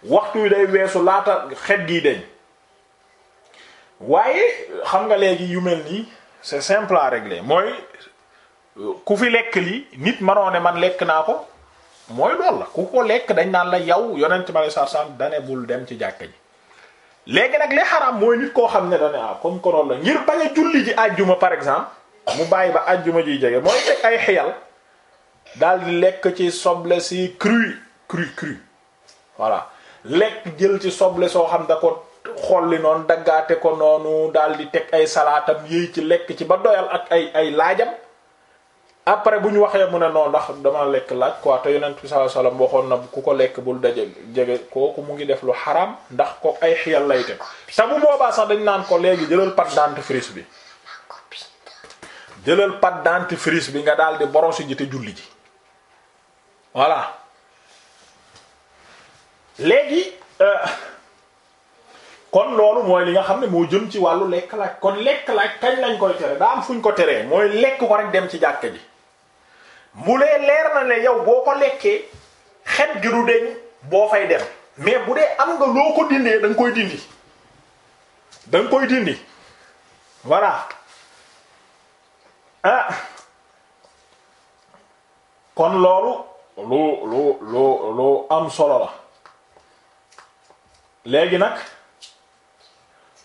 waxtu wi day weesu laata xet gi deñ waaye xam nga léegi yu mel nii c'est simple à régler mooy ku fi lekk li nit manoo ne man lekk naa ko mooy loolu la ku ko lekk dañ naan la yow yonent ma lay sarsam dane bul dem ci jàkka ji léegi nag li xaraam mooy nit koo xam ne dane ah comme ko loolu la ngir bañ a julli ji àjjuma par exemple mu bàyyi ba àjjuma jiy jege mooy teg ay xiyal daal di lekk ci soble si cru cru cru voilà lekk jël ci soble soo xam da ko lépp xolli noonu daggaate ko noonu daldi teg ay salaatam yéy ci lekk ci ba doyal ak ay ay laajam après bu ñu waxee mu ne noonu ndax dama lekk laaj quoi te yonent bi sallallahu alayhi wasallam waxoon ku ko lekk bul daje jege kooku mu ngi def lu xaram ndax ko ay xiyal lay teg te bu boobaa sax dañ naan ko léegi jëlal pâte dentifrice bi jëlal pat dant dentifrice bi nga daal di borosi ji te julli ji voilà léegi. Euh, kon loolu mooy li nga xam ne moo jëm ci wàllu lekk laaj kon lekk laaj kañ lañ koy tere daa am fuñ ko teree mooy lekk ko rek dem ci jàkka ji mu lee leer na ne yow boo ko lekkee xet gi du deñ boo fay dem mais bu dee am nga loo ko dindee da koy dindi da nga koy dindi voilà ah. kon loolu lu lu lu lu am solo la léegi nag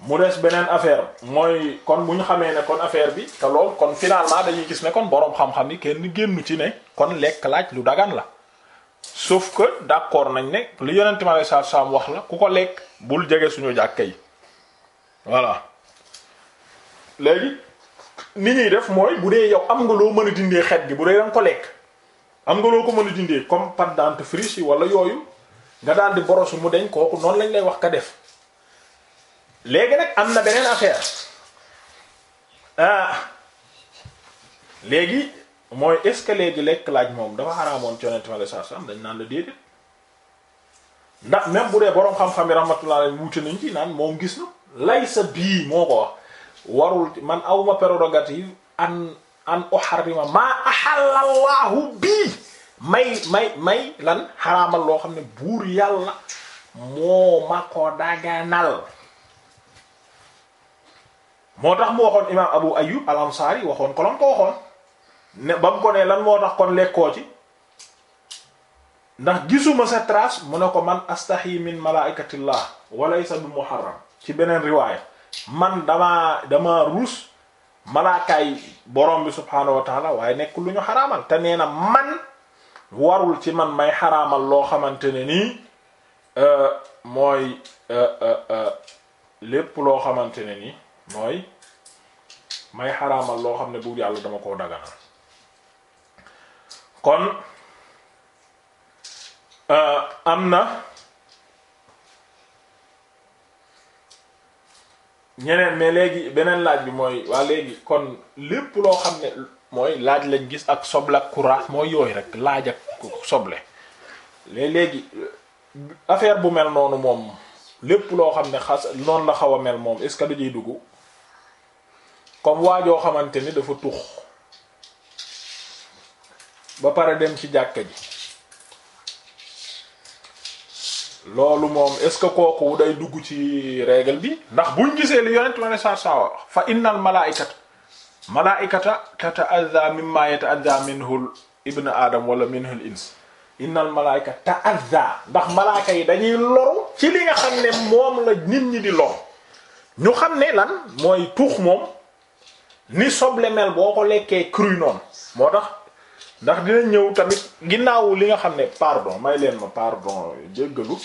mu des beneen affaire mooy kon bu ñu xamee ne kon affaire bi te lool kon finalement dañuy gis ne kon boroom xam-xam yi kenn génnu ci ne kon lekk laaj lu dagan la sauf que d'accord nañ ne lu yonente ma saa saam wax la ku ko lekk bul jege suñu jàkka yi voilà léegi ni ñuy def mooy bu dee yow am nga loo mën a dindee xet gi bu dee danga ko lekk am nga loo ko mën a dindee comme pâte dentifrice yi wala yooyu nga daal di borosu mu deñ kooku noonu lañ lay wax ka def léegi nag am na beneen affaire ah léegi mooy est-ce que léegi lekk laaj moom dafa xaraamoon ci yonent sallallahu alayhi wasallam dañ naan la déedéet ndax même bu dee boroom xam-xam yi rahmatullah wuute nañ ci naan moom gis na lay sa bii moo ko wax warul man awma prérogative an an uharrima maa ahallallahu bii may may may lan xaraamal loo xam ne buur yàlla moo ma ko daganal moo tax mu waxoon imaam Abu Ayyub al waxoon ko ko waxoon ne ba mu ko nee lan moo tax kon lekkoo ci ndax gisuma sa trace mu ne ko man astahi min malaa'ikatillah wa laysa bi muharram ci beneen riwaaya man damaa damaa ruus malaakaay borom bi subhaanahu wa waaye nekk lu ñu xaraamal te nee na man warul ci man may xaraamal loo xamante ne nii euh, mooy euh, euh, lépp loo xamante ne nii mooy may xaraamal loo xam ne buur yàlla dama koo daganal kon euh, am na ñeneen mais léegi beneen laaj bi mooy waa léegi kon lépp loo xam ne mooy laaj lañ gis ak soble ak kuraas mooy yooyu rek laaj ak soble léegi euh, affaire bu mel noonu moom lépp loo xam ne xas noonu la xaw a mel moom est-ce que dañuy dugg comme waajoo xamante ni dafa tux ba pare dem ci jàkka ji loolu moom est-ce que kooku day dugg ci règle bi ndax buñ gisee li yonent ma ne saa saa wax fa innal malaa'ikata malaa'ikata tata'adha mimma yata'adha minhu ibn adam wala minhu al ins innal malaa'ikata ta'adha ndax malaaka yi dañuy loru ci li nga xam ne moom la nit ñi di loru ñu xam ne lan mooy tuux moom ni soble mel boo ko lekkee cru noonu moo tax ndax dina ñëw tamit ginnaawu li nga xam ne pardon may leen ma pardon jéggalu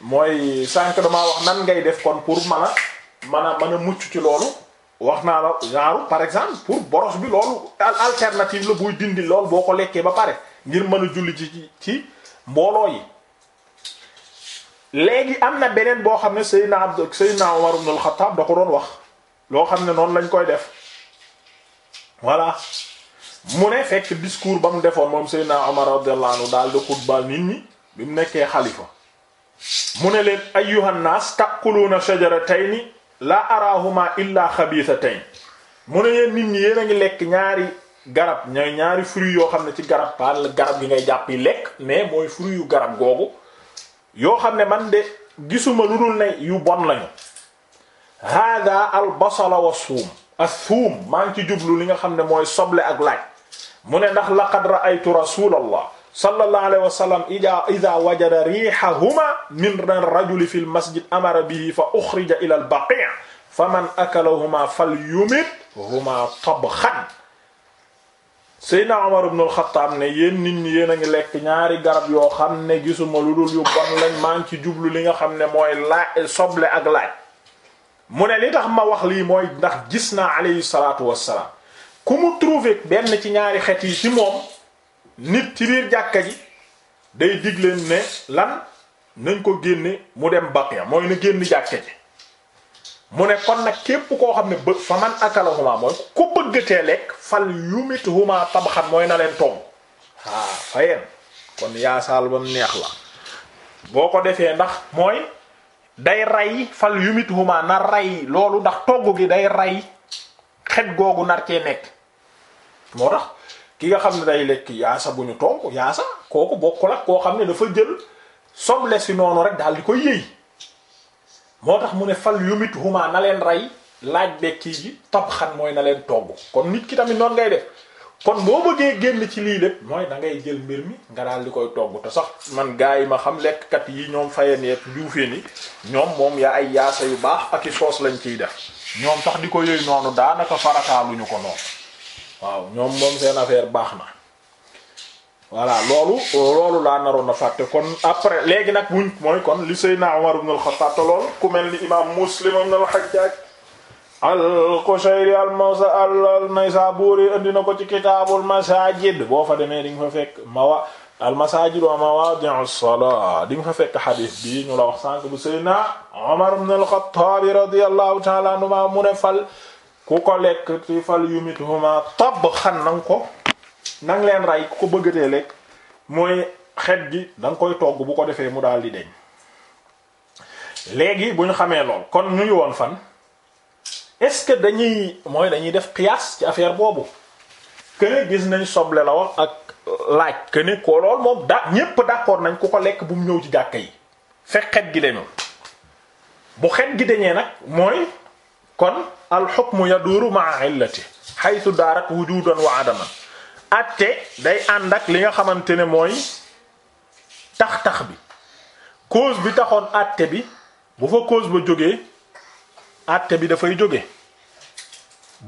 mooy sànq dama wax nan ngay def kon pour mën a mën a mucc ci loolu wax naa la genre par exemple pour boros bi loolu alternative la buy dindi lool boo ko lekkee ba pare ngir mën a julli ci ci mbooloo yi léegi am na beneen boo xam ne Seydina Abd Seydina Umar ibn al-Khattab da ko doon wax loo xam ne noonu lañ koy def voilà mu ne fekk discours ba mu defoon moom Seydina Omar radiyallahu anhu daal di xutbal nit ñi bi mu nekkee xalifa mu ne leen ay ayyuhan naas taquluuna shajaratayni laa araahuma illaa tey mu ne leen nit ñi yéen a ngi lekk ñaari garab ñooy ñaari fruits yoo xam ne ci garab paal garab gi ngay jàpp yi lekk mais mooy fruits yu garab googu yoo xam ne man de gisuma lu dul ne yu bon lañu hada al as-suum maa ngi ci jublu li nga xam ne mooy soble ak laaj mu ne ndax laqad ra'aytu rasulallah sallallahu alayhi wa sallam ida ida wajada riihahuma min rajuli fi lmasjid amara bihi fa uxrija ila albaqi fa man akalahuma falyumithuma tabxan Seydina Umar ibn al-Khattab ne yéen nit ñi yéen a ngi lekk ñaari garab yoo xam ne gisuma lu dul yu bon lañ maa ngi ci jublu li nga xam ne mooy laaj soble ak laaj mu ne li tax ma wax lii mooy ndax gis naa alayhi salaatu wassalaam ku mu trouvé benn ci ñaari xeet yi ci moom nit ci biir jàkka ji day digleen ne lan nañ ko génne mu dem baqiya mooy na génn jàkka ji mu ne kon nag képp koo xam ne bë fa man akala huma mooy ku bëggatee lekk fal yumit huma tabxan mooy na leen tong waa fayeen kon yaasaal bam neex la boo ko defee ndax mooy day ray fal yumit huma na ray loolu ndax togg gi day ray xet googu nar cee nekk moo tax ki nga xam ne day lekk yaasa bu ñu togg yaasa kooku bokk ak koo xam ne dafa jël soble si noonu rek daal di koy yëy moo tax mu ne fal yumit huma na leen ray laaj bekki ji tab xan mooy na leen togg kon nit ki tamit noonu ngay def kon boo bëggee génn ci lii lépp mooy dangay jël mbir mi nga daal di koy togg te sax man gaa yi ma xam lekkkat yi ñoom fayaneeg njuufeen yi ñoom moom yaa ay yaasa yu baax ak i soos lañ ciy def ñoom sax di ko yëy noonu daanaka farataaluñu ko noonu waaw ñoom moom seen affaire baax na voilà loolu loolu laa naroon na fàtte kon après léegi nag buñ mooy kon li Seydina Umar ibn al-Khattab te loolu ku mel ni imam Muslim ibn al-Hajjaj al-Qushayri al-Mawsa al indi na ko ci kitaabul masaajid boo fa demee di nga fa fekk mawa al-masaajid wa mawaadi'u s-salaa di nga fa fekk xadiis bii ñu la wax sànq bu Seydina Umar ibn al-Khattab radiyallahu ta'ala anhu ma mu ne fal ku ko lekk ci fal yumituhuma tabxan na nga ko nang leen rey ku ko bëggatee lekk mooy xet gi danga koy togg bu ko defee mu daal di deñ léegi bu ñu xamee lool kon ñu ngi fan. est-ce que dañuy mooy dañuy def qiyaas ci affaire boobu këne gis nañ soble la wax ak euh, laaj këne ko lool moom da ñépp d'accord nañ ku ko lekk bu mu ñëw ci jàkka yi fekk xet gi dañu bu xet gi deñee nag mooy kon al hukmu yaduru ma'a illati haythu daarat wujudan wa adama atte day ànd ak li nga xamante ne mooy tax tax bi cause bi taxoon atte bi bu fa cause ba jógee àtte bi dafay jóge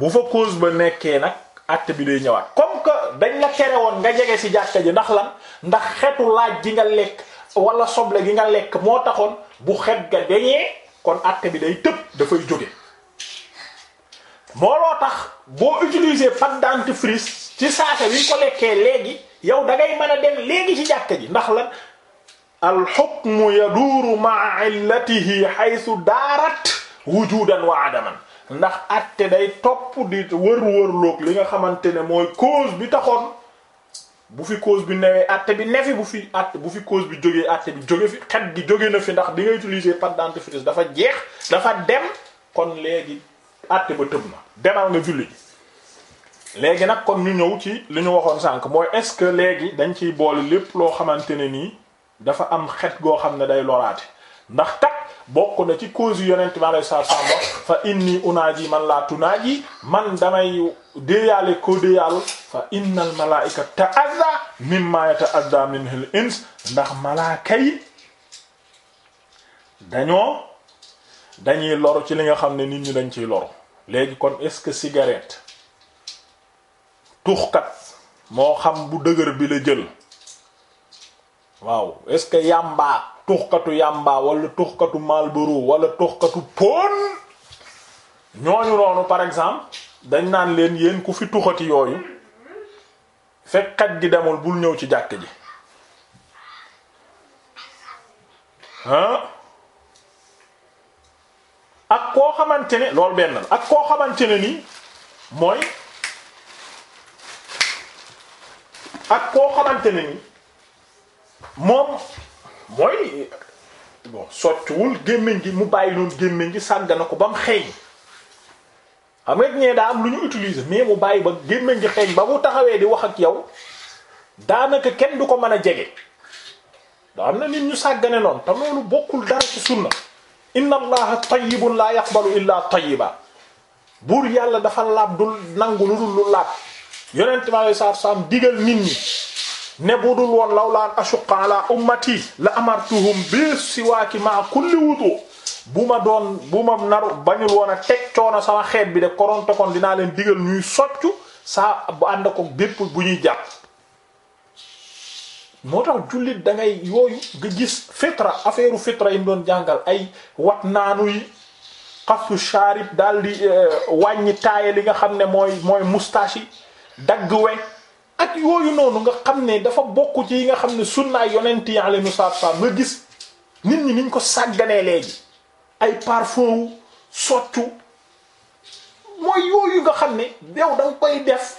bu fa cause ba nekkee nag àtte bi day ñëwaat comme que dañ la tere woon nga jege ci jàkka ji ndax lan ndax xetu laaj gi nga lekk walla soble gi nga lekk moo taxoon bu xet ga dañee kon àtte bi day tëb dafay jóge moo loo tax boo utiliser pâte dentifrice ci saasa wi ko lekkee léegi yow da ngay mën a dem léegi ci jàkka ji ndax lan al hukmu yaduuru ma'a illatihi haythu daarat wujudan wa adaman ndax atte day topp di wër wërloog li nga xamante ne mooy cause bi taxoon bu fi cause bi newee atte bi nefi bu fi atte bu fi cause bi jógee atte bi jóge fi xet gi jóge na fi ndax di nga utiliser pâte dentifrice dafa jeex dafa dem kon léegi atte ba tëb na demal nga julli ji léegi nag kon ñu ñëw ci li ñu waxoon sànq mooy est-ce que léegi dañ ciy boole lépp loo xamante ne nii dafa am xet goo xam ne day loraate ndax tak bokk na ci cause yu yonent bi alayhi salaatu fa inni unaaji man laa tunaaji man damay déeyaale koo déeyaalu fa innal malaa'ika ta'azza mimmaa yata'azza minhul ins ndax malaaka dañoo dañuy loru ci li nga xam ne nit ñi dañ ciy loru léegi kon est-ce que cigarette tuuxkat moo xam bu dëgër bi la jël waaw est-ce tuxkatu yamba wala tuxkatu Marlboro wala tuxkatu pon ñooñu noonu par exemple dañ naan leen yéen ku fi tuxati yooyu fekkat gi demul bul ñëw ci jàkk ji ah ak koo xamante ne benn la ak koo xamante ne nii mooy ak koo xamante nii moom mooy bon sottiwul gi mu bàyyi noonu gémmiñ gi sàggana ko ba mu xeeñ xam nga ñee daa am lu ñu utiliser mais mu bàyyi ba gémmiñ gi xeeñ ba mu taxawee di wax ak yow daanaka kenn du ko mën a jege da am na nit ñu sàggane noonu te loolu bokkul dara ci sunna inna allaha tayyibun la yaqbalu illa tayyiba buur yàlla dafa laab du nangu lu dul lu laab yonent bi sallallahu alayhi digal nit ñi ne bu dul woon lawlaan ashuqqa ala ummati la amartuhum bi siwaaki ma kulli wudu bu ma doon bu ma naru bañul woon a teg coono sama xeet bi de koronte kon dinaa leen digal ñuy soccu saa bu ànd ko bépp bu ñuy jàpp moo tax jullit da ngay yooyu nga gis fitra affaire fitra yi mu doon jàngal ay wat naanu yi xasu sharib daal di eh, wàññi taaye li nga xam ne mooy mooy moustache dagg we ak yooyu noonu nga xam ne dafa bokk ci yi nga xam ne sunna yonent yi alayhi salaam nga gis nit ñi niñ ko sàgganee léegi ay parfum soccu mooy yooyu nga xam ne yow da koy def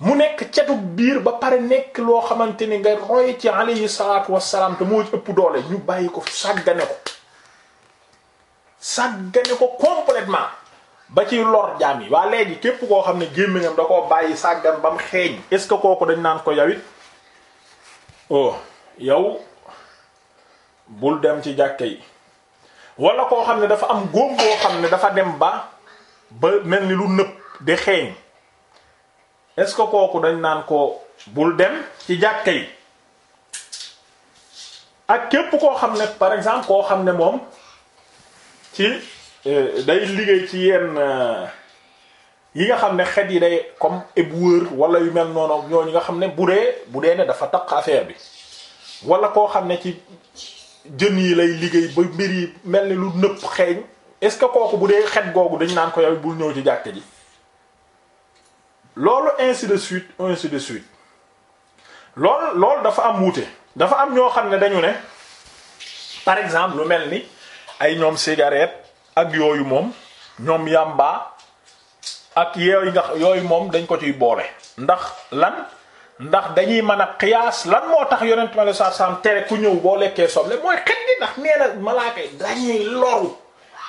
mu nekk cetu biir ba pare nekk loo xamante ni nga roy ci alayhi salaatu wassalaam te moo ëpp doole ñu bàyyi ko sàggane ko sàggane ko complètement ba ci lor jàmm yi waa léegi képp koo xam ne gémmiñam da koo bàyyi sàggan ba mu xeeñ est-ce que kooku dañ naan ko yawit oh yow bul dem ci jàkke yi wala koo xam ne dafa am góom boo xam ne dafa dem ba ba mel ni lu nëb di xeeñ est-ce que kooku dañ naan ko bul dem ci jàkke yi ak képp koo xam ne par exemple koo xam ne moom ci Euh, day liggéey ci yenn euh, yi nga xam ne xet yi day comme éboueur wala yu mel noonu ñooñu nga xam ne bu dee bu dee ne dafa taq affaire bi wala koo xam ne ci jën yi lay liggéey ba mbir yi mel ni lu nëpp xeeñ est-ce que kooku bu dee xet googu dañ naan ko yow bul ñëw ci jàkk ji loolu ainsi de suite ainsi de suite loolu loolu dafa am wuute dafa am ñoo xam ne dañu ne par exemple lu mel ni ay ñoom cigarette ak yooyu moom ñoom yàmbaa ak yooyu nga yooyu moom dañ ko ciy boole ndax lan ndax dañuy mën a xiyaas lan moo tax yonent ma la saa tere ku ñëw boo lekkee soble mooy xet gi ndax nee na malaaka yi dañuy loru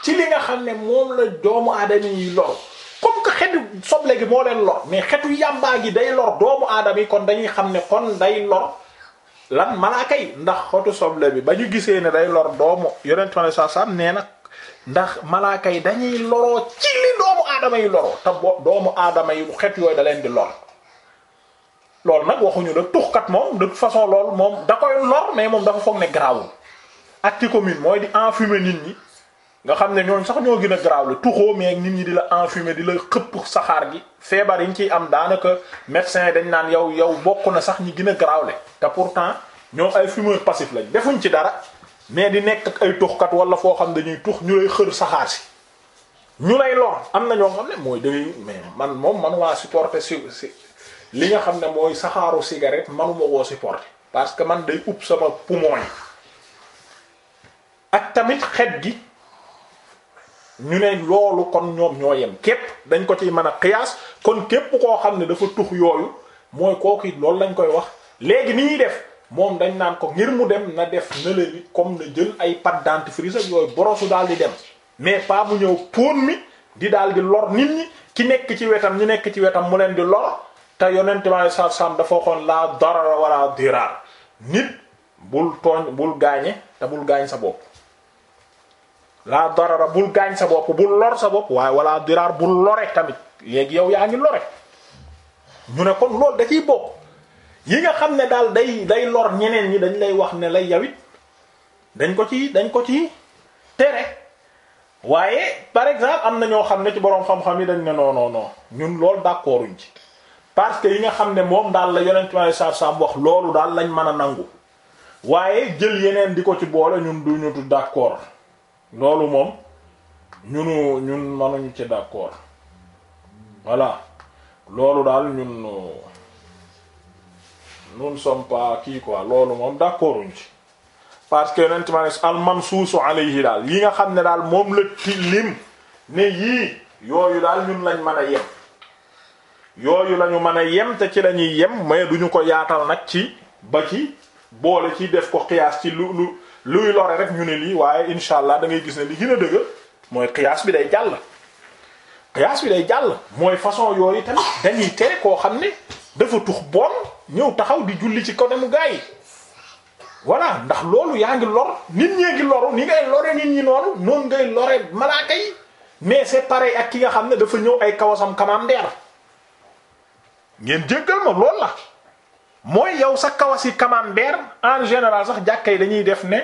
ci li nga xam ne moom la doomu aadama yi loru comme que xetu soble gi moo leen lor mais xetu yàmbaa gi day lor doomu aadama yi kon dañuy xam ne kon day lor lan malaaka yi ndax xotu soble bi ba ñu gisee ne day lor doomu yonent ma la saa nee na ndax malaaka yi dañuy loroo ci li doomu aadama yi loroo te bo doomu aadama yi xet yooyu da leen di lor loolu nag waxuñu nag kat moom de façon lool moom da koy lor mais moom dafa foog ne garaawul ak ci commune mooy di enfumer nit ñi nga xam ne ñooñ sax ñoo gën a garaaw la tuxoo mais nit ñi di la enfumer di la xëpp saxaar gi feebar yi ñu ciy am daanaka médecin dañ naan yow yow bokk na sax ñi gën a garaaw le te pourtant ñoo ay fumeur passif lañ defuñ ci dara mais di nekk ak ay tuxkat wala foo xam ne dañuy tux ñu lay xër saxaar si ñu lay lor am na ñoo xam ne mooy dangay mais man moom man waa supporter si si li nga xam ne mooy saxaaru cigarette manuma woo supporter parce que man day ub sama poumon yi ak tamit xet gi ñu ne loolu kon ñoom ñoo yem képp dañ ko ci mën a xiyaas kon képp koo xam ne dafa tux yooyu mooy kooku it loolu lañ koy wax léegi ni ñuy def moom dañ naan ko ngir mu dem na def nële bi comme na jël ay pâte dant ak yooyu borosu daal di dem mais pas mu ñëw póon mi di daal di lor nit ñi ki nekk ci wetam ñi nekk ci wetam mu leen di lor te yonent ma sallallahu alayhi wasallam dafa waxoon la darara wala dirar nit bul tooñ bul gaañe te bul gaañ sa bopp la darara bul gaañ sa bopp bul lor sa bopp waaye wala dirar bul lore tamit léegi yow yaa ngi lore ñu ne kon loolu da ciy bokk yi nga xam ne daal day day lor ñeneen ñi dañ lay wax ne lay yawit dañ ko ci dañ ko ci tere waaye par exemple am na ñoo xam ne ci boroom xam-xam yi dañ ne non non non ñun loolu d'accorduñ ci parce que yi nga xam ne moom daal la yonent ma sa sa wax loolu daal lañ mën a nangu waaye jël yeneen di ko ci boole ñun duñu du d'accord loolu moom ñunu ñun mënuñu ci d'accord voilà loolu daal ñun nous ne sommes pas kii quoi loolu moom d'accord uñ ci parce que yonent ma ne almansuusu yi daal yi nga xam ne daal moom la ti lim ne yii yooyu daal ñun lañ man a yem yooyu lañu mën a yem te ci lañuy yem mais duñu ko yaatal nag ci ba ci boole ci def ko xiyaas ci lu lu luy lore rek ñu ne lii waaye insha allah da ngay gis ne li gën a dëgg mooy xiyaas bi day jàll xiyaas bi day jàll mooy façon yooyu tamit dañuy tere koo xam ne dafa tux bool ñëw taxaw di julli ci côté mu gaa yi voilà ndax loolu yaa ngi lor nit ñee ngi loru ni ngay lore nit ñi noonu noonu ngay lore malaaka yi mais c'est pareil ak ki nga xam ne dafa ñëw ay kawasam kamaam ngeen jéggal ma loolu la mooy yow sax kawas yi kamaam en général sax jàkka yi dañuy def ne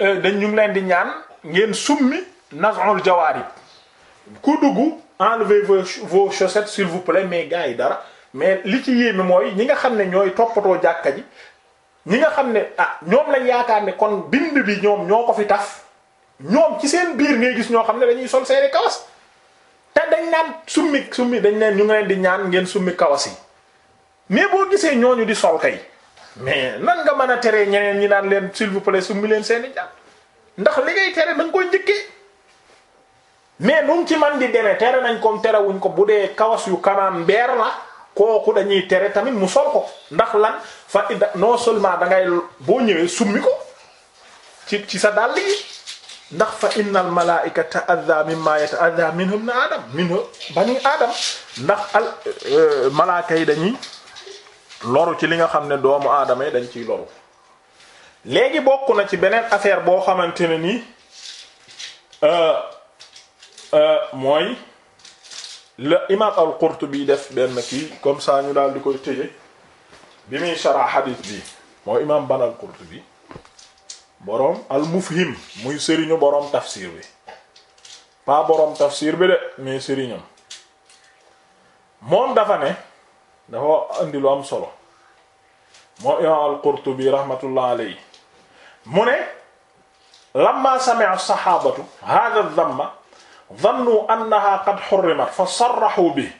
euh, dañ ñu leen di ñaan ngeen summi naz'ul jawarib ku dugg enlevez vos chaussettes s'il vous plaît mais gars yi dara mais li ci yéeme mooy ñi nga xam ne ñooy toppatoo jàkka ji ñi nga xam ne ah ñoom lañ yaakaar ne kon bind bi ñoom ñoo ko fi taf ñoom ci seen biir ngay gis ñoo xam ne dañuy sol seeni kawas te dañ naan summi summi dañ neen ñu ngi di ñaan ngeen summi kawas yi mais boo gisee ñooñu di sol kay mais nan nga mën a teree ñeneen ñi naan leen s'il vous plaît summi leen seeni jàpp ndax li ngay tere da nga koy mais nu ci man di demee tere nañ koom terewuñ ko bu dee kawas yu kanaan mbeer na kooku dañuy tere tamit mu sol ko ndax lan fa ida non seulement da ngay boo ñëwee summi ko ci ci sa dàll yi ndax fa innal malaa'ika ta'adha mimma yata'adha minhu ibn adam minhu bani adam ndax al euh, malaaka yi dañuy loru ci li nga xam ne doomu aadama yi dañ ciy loru léegi bokk na ci beneen affaire boo xamante ne nii euh, euh, mooy la imam al-Qurtubi def benn kii comme ça ñu daal di koy tëje bi muy shara hadith bi moo imam ban qurtubi boroom al-Mufhim muy sëriñu boroom tafsir bi pas boroom tafsir bi de mais sëriñam moom dafa ne dafa indi lu am solo moo imam al-Qurtubi rahmatullah alayhi mu ne lamma sami'a as-sahabatu hadha adh dhannu annaha qad hurrimat fa sarrahu bihi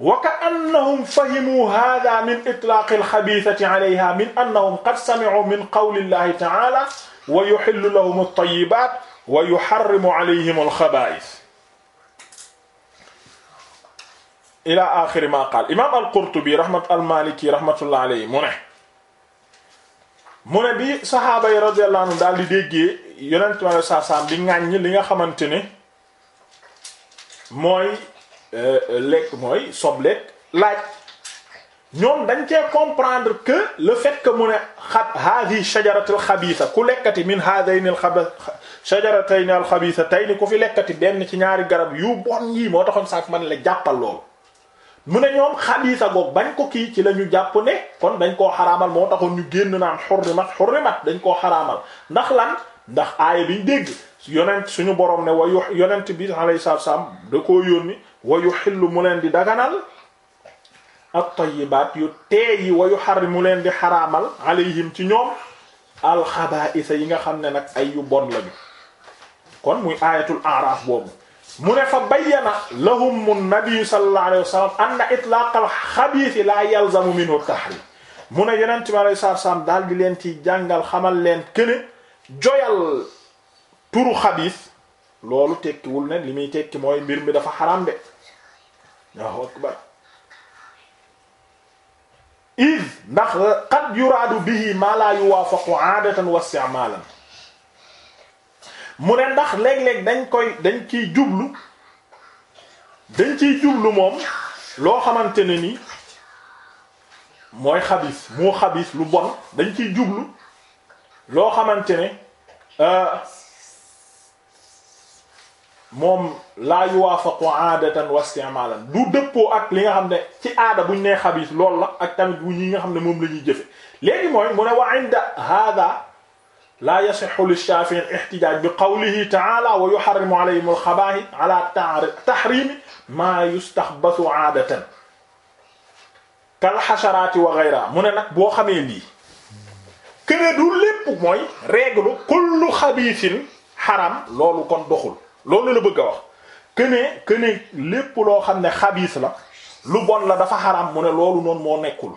wa ka'annahum fahimu hadha min itlaq al-khabithati 'alayha min annahum qad sami'u min qawli llahi ta'ala wa yuhillu lahum at-tayyibat wa yuharrimu 'alayhim al-khaba'ith ila akhiri ma qaal imam al-Qurtubi rahmat al-Maliki rahmatullah alayhi mu ne mu ne bi sahaaba yi radiyallahu anhum daal di déggee yonent mi sallallahu alayhi wasallam di ŋàññ li nga xamante ne mooy euh, euh, lekk mooy sobleeg laaj ñoom dañ cee comprendre que le fait que mu ne a hadi shajaratu alxabisa ku lekkati min hadayn alxaba shajaratayn alxabisa tay ni ku fi lekkati denn ci ñaari garab yu bon yi moo taxoon saak man la jàppal loolu mu ne ñoom xabisa goog bañ ko kii ci la ñu jàpp ne kon dañ koo xaraamal moo taxoon ñu génn naan xurrimat xurrimat dañ koo xaraamal ndax lan ndax aaya biñ dégg yonent suñu borom ne wayu yonent bi alayhi salaam da koo yónni wayu xillu mu di daganal at-tayyibaat yu teey yi wayu xar mu leen di xaraamal alayhim ci ñoom alxabaa'isa yi nga xam ne nag ay yu bon lañu kon muy aayatul aaraaf boobu mu ne fa bayyana lahum an-nabi sallallahu alayhi wa sallam anna itlaaqal xabiisi minhu tahriim mu ne yonent bi alayhi salaam daal di leen ciy jàngal xamal leen këne joyal turu xabiis loolu tekkiwul ne li muy tekki mooy mbir mi dafa xaram de waaw akbar iz ndax qad yuraadu bihi ma la yuwaafaqu aadatan wa isticmaalan mu ne ndax léeg-léeg dañ koy dañ ciy jublu dañ ciy jublu moom loo xamante ne nii mooy xabis moo xabis lu bon dañ ciy jublu loo xamante ne euh, moom laa yuwaafaqu aadatan wa isti'maalan du dëppoo ak li nga xam ne ci aada bu ne nee xabiis lool la ak tamit bu nga xam ne moom la ñuy jëfe léegi mooy mu ne wa inda hada laa yasixu lichaafi'i al-ihtijaaj bi qawlihi ta'aala wa yuharrimu alayhim al-xabaa'ith ala tahriimi maa yustaxbasu aadatan kal xasaraati wa ghayrihaa mu ne nag boo xamee lii kene du lépp mooy règle kullu xabiisin xaram loolu kon doxul loolu la bëgg a wax que ne que lépp loo xam ne xabiis la lu bon la dafa xaram mu ne loolu noonu moo nekkul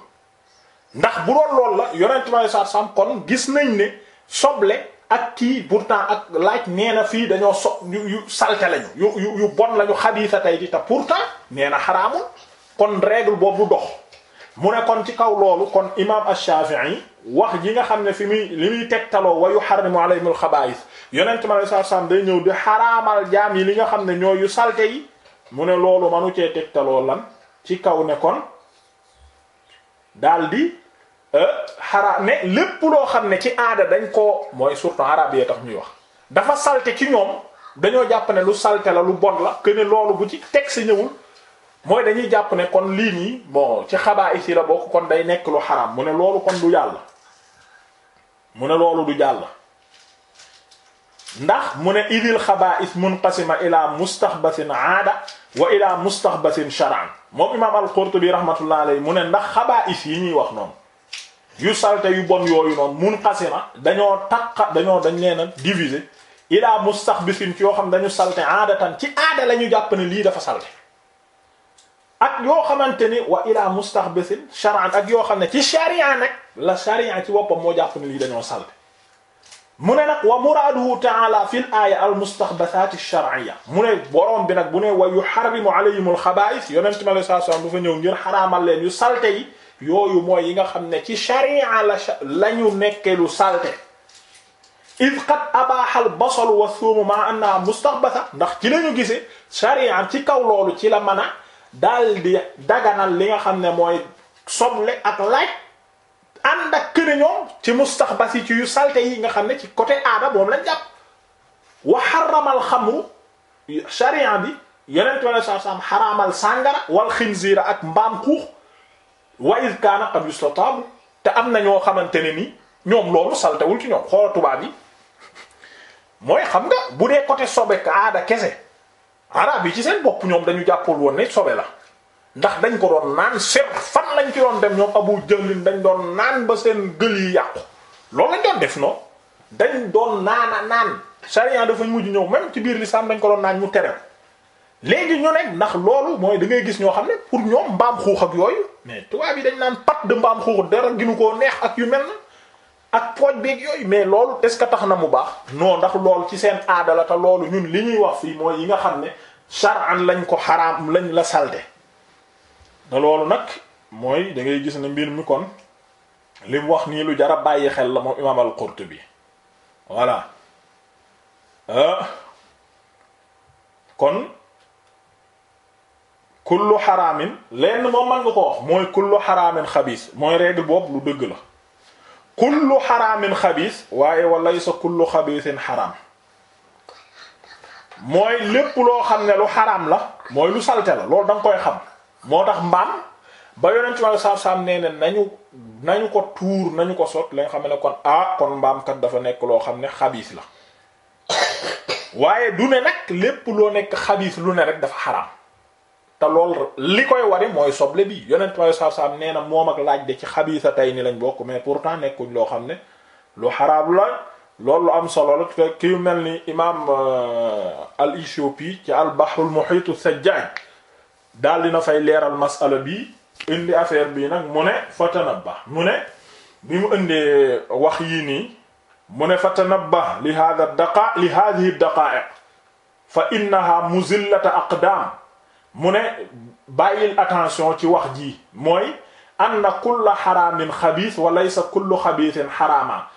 ndax bu doon loolu la yonent ma saa sam kon gis nañ ne soble ak kii pourtant ak laaj nee na fii dañoo so yu yu salte lañu yu yu yu bon lañu xabiisa tey di te pourtant nee na xaraamul kon règle boobu dox mu ne kon ci kaw loolu kon imaam Ash-Shafi'i wax ji nga xam ne fi muy li muy tegtaloo wayu xarrimu alayhimul xabaa'is yonent mi alayhi salaam day ñëw di xaraamal jaam yi li nga xam ne ñoo yu salte yi mu ne loolu manu cee tegtaloo lan ci kaw ne daal di euh, xaraa ne lépp loo xam ne ci aada dañ ko mooy surtout arab yee tax ñuy wax dafa salte ci ñoom dañoo jàpp ne lu salte la lu bon la que ne loolu bu ci teg si ñëwul mooy dañuy jàpp ne kon lii nii bon ci xabaa'is yi la bokk kon day nekk lu xaraam mu ne loolu kon du yàlla mu ne loolu du jàll ndax mu ne idil xabaa'is munqasima ila mustaxbasin aada wa ila mustaxbasin shar'an moom imaam al-Qurtubi rahmatullah alayhi mu ne ndax xabaa'is yi ñuy wax noonu yu salte yu bon yooyu noonu munqasima dañoo takka dañoo dañ leen a diviser ila mustaxbasin ci yoo xam dañu salte aadatan ci aada la ñu jàpp ni lii dafa salte ak yoo xamante ni wa ilaa mustahbisin shar'an ak yoo xam ne ci sharia nag la sharia ci boppam moo jàpp ne lii dañoo salte mu ne nag wa muraaduhu ta'ala fil aaya al mustahbathaat ash-shar'iyya mu ne borom bi nag bu ne wa yuharrimu alayhim al xabaa'is yonent mi alayhi salaatu salaam ñëw ngir xaraamal leen yu salte yi yooyu mooy yi nga xam ne ci sharia la la ñu nekkee lu salte id qad abaaha al wa thuum ma'a annaha mustahbatha ndax ci lañu gisee sharia ci kaw loolu ci la mana daal di daganal li nga xam ne mooy soble ak laaj ànd ak kër ñoom ci mustaxbas yi ci yu salte yi nga xam ne ci côté aada moom lañ jàpp wa xaramal xamru sharia bi yeneen wala saa saam xaraamal sàngara wal xinziira ak mbaam xuux wa iz kaana qad yustataabu te am na ñoo xamante ne ni ñoom loolu saltewul ci ñoom xoola tubaab yi mooy xam nga bu dee côté sobe ak aada kese. arab yi ci seen bopp ñoom dañu jàppul woon ne sobe la ndax dañ ko doon naan seet fan lañ ci doon dem ñoom abu jëlin dañ doon naan ba seen gël yi yàqu loolu lañ doon def noonu dañ doon naan naana naan sharia dafa mujj ñëw même ci biir lislaam dañ ko doon naan mu tere léegi ñu nekk ndax loolu mooy da ngay gis ñoo xam ne pour ñoom mbaam xuux ak yooyu mais tubaab yi dañ naan pat de mbaam xuux dara gi ginu koo neex ak yu mel na ak pooj beeg yooyu mais loolu est-ce que tax na mu baax noo ndax lool ci seen aada te loolu ñun li ñuy wax fii mooy yi nga xam ne shar'an lañ ko xaraam lañ la salte te loolu nag mooy dangay gis ne mbir mi kon li wax nii lu jara bàyyi xel la moom imaam al-Qurtubi voilà euh, kon kullu xaraamin lenn moom mën nga ko wax mooy kullu xaraamin xabiis mooy règle boobu lu dëgg la kullu xaraamin xabiis waaye walay sa kullu xabiisin xaram mooy lépp loo xam ne lu xaraam la mooy lu salte la loolu da koy xam moo tax mbaam ba yonent ma saab-saab nee ne nañu nañu ko tuur nañu ko sot lañ nga xam ne kon ah kon mbaam kat dafa nekk loo xam ne xabiis la waaye du ne nag lépp loo nekk xabiis lu ne rek dafa xaraam te lool li koy wari mooy soble bi yonent maoy saab-saab nee na moom ak laaj de ci xabiisa tey ni lañ bokk mais pourtant nekkuñ loo xam ne lu xaraab la loolu lu am solo la te ki mel ni imam euh, al Éthiopie ci al bahrul muhitu sajjaaj daal dina fay leeral masala bi indi affaire bi nag mu ne fatanabba mu ne bi mu indee wax yi nii mu ne fatanabba li hada daqa li hadihi daqa'iq fa innaha muzillata aqdam mu ne bàyyil attention ci wax ji mooy anna kulla xaraamin xabiis wa laysa kullu xabiisin xaramaa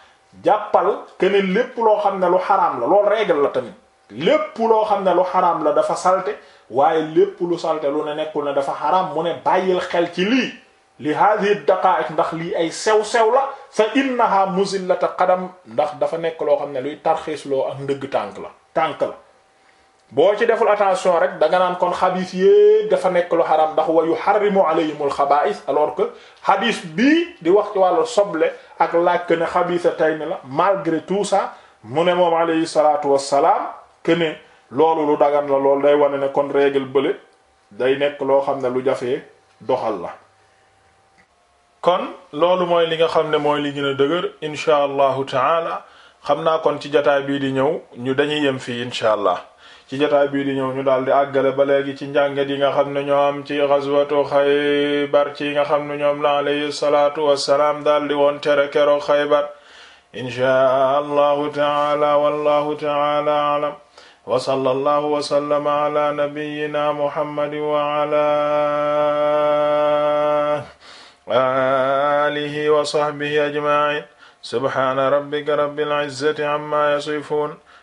jàppal kene lépp loo xam ne lu xaraam la loolu règle la tamit lépp loo xam ne lu xaraam la dafa salte waaye lépp lu salte lu ne nekkul ne dafa xaram mu ne bàyyil xel ci lii li hadihi daqa'iq ndax lii ay sew-sew la sa fa la muzillata qadam ndax dafa nekk loo xam ne luy tarxiis loo ak ndëgg tànk la tànk la boo ci deful attention rek da nga naan kon xadiis yépp dafa nekk lu xaram ndax wa yuharrimu alayhimul xabaa'is alors que xadiis bii di wax ci wàllu soble ak laaj que ne xabiisa tey ni la malgré tout ça mu ne moom alayhi salaatu wassalaam que loolu lu dagan la loolu day wane ne kon règle bële day nekk loo xam ne lu jafee doxal la kon loolu mooy li nga xam ne mooy li gën a dëgër incha allahu taala xam naa kon ci jataay bii di ñëw ñu dañu yem fii incha allah ci jotaay bii di ñëw ñu daal di ba léegi ci njàngat yi nga xam ne ñoom am ci ghazwatu Xaybar ci nga xam ne ñoom la alayhi salaatu wassalaam daal di woon tere keroog Xaybar inchaa allahu taala wallahu taala aalam wa sallallahu wa sallama ala nabiyyina muhammadin wa ala alihi wa sahbihi ajma'in subhana rabbika rabbil izzati amma yasifun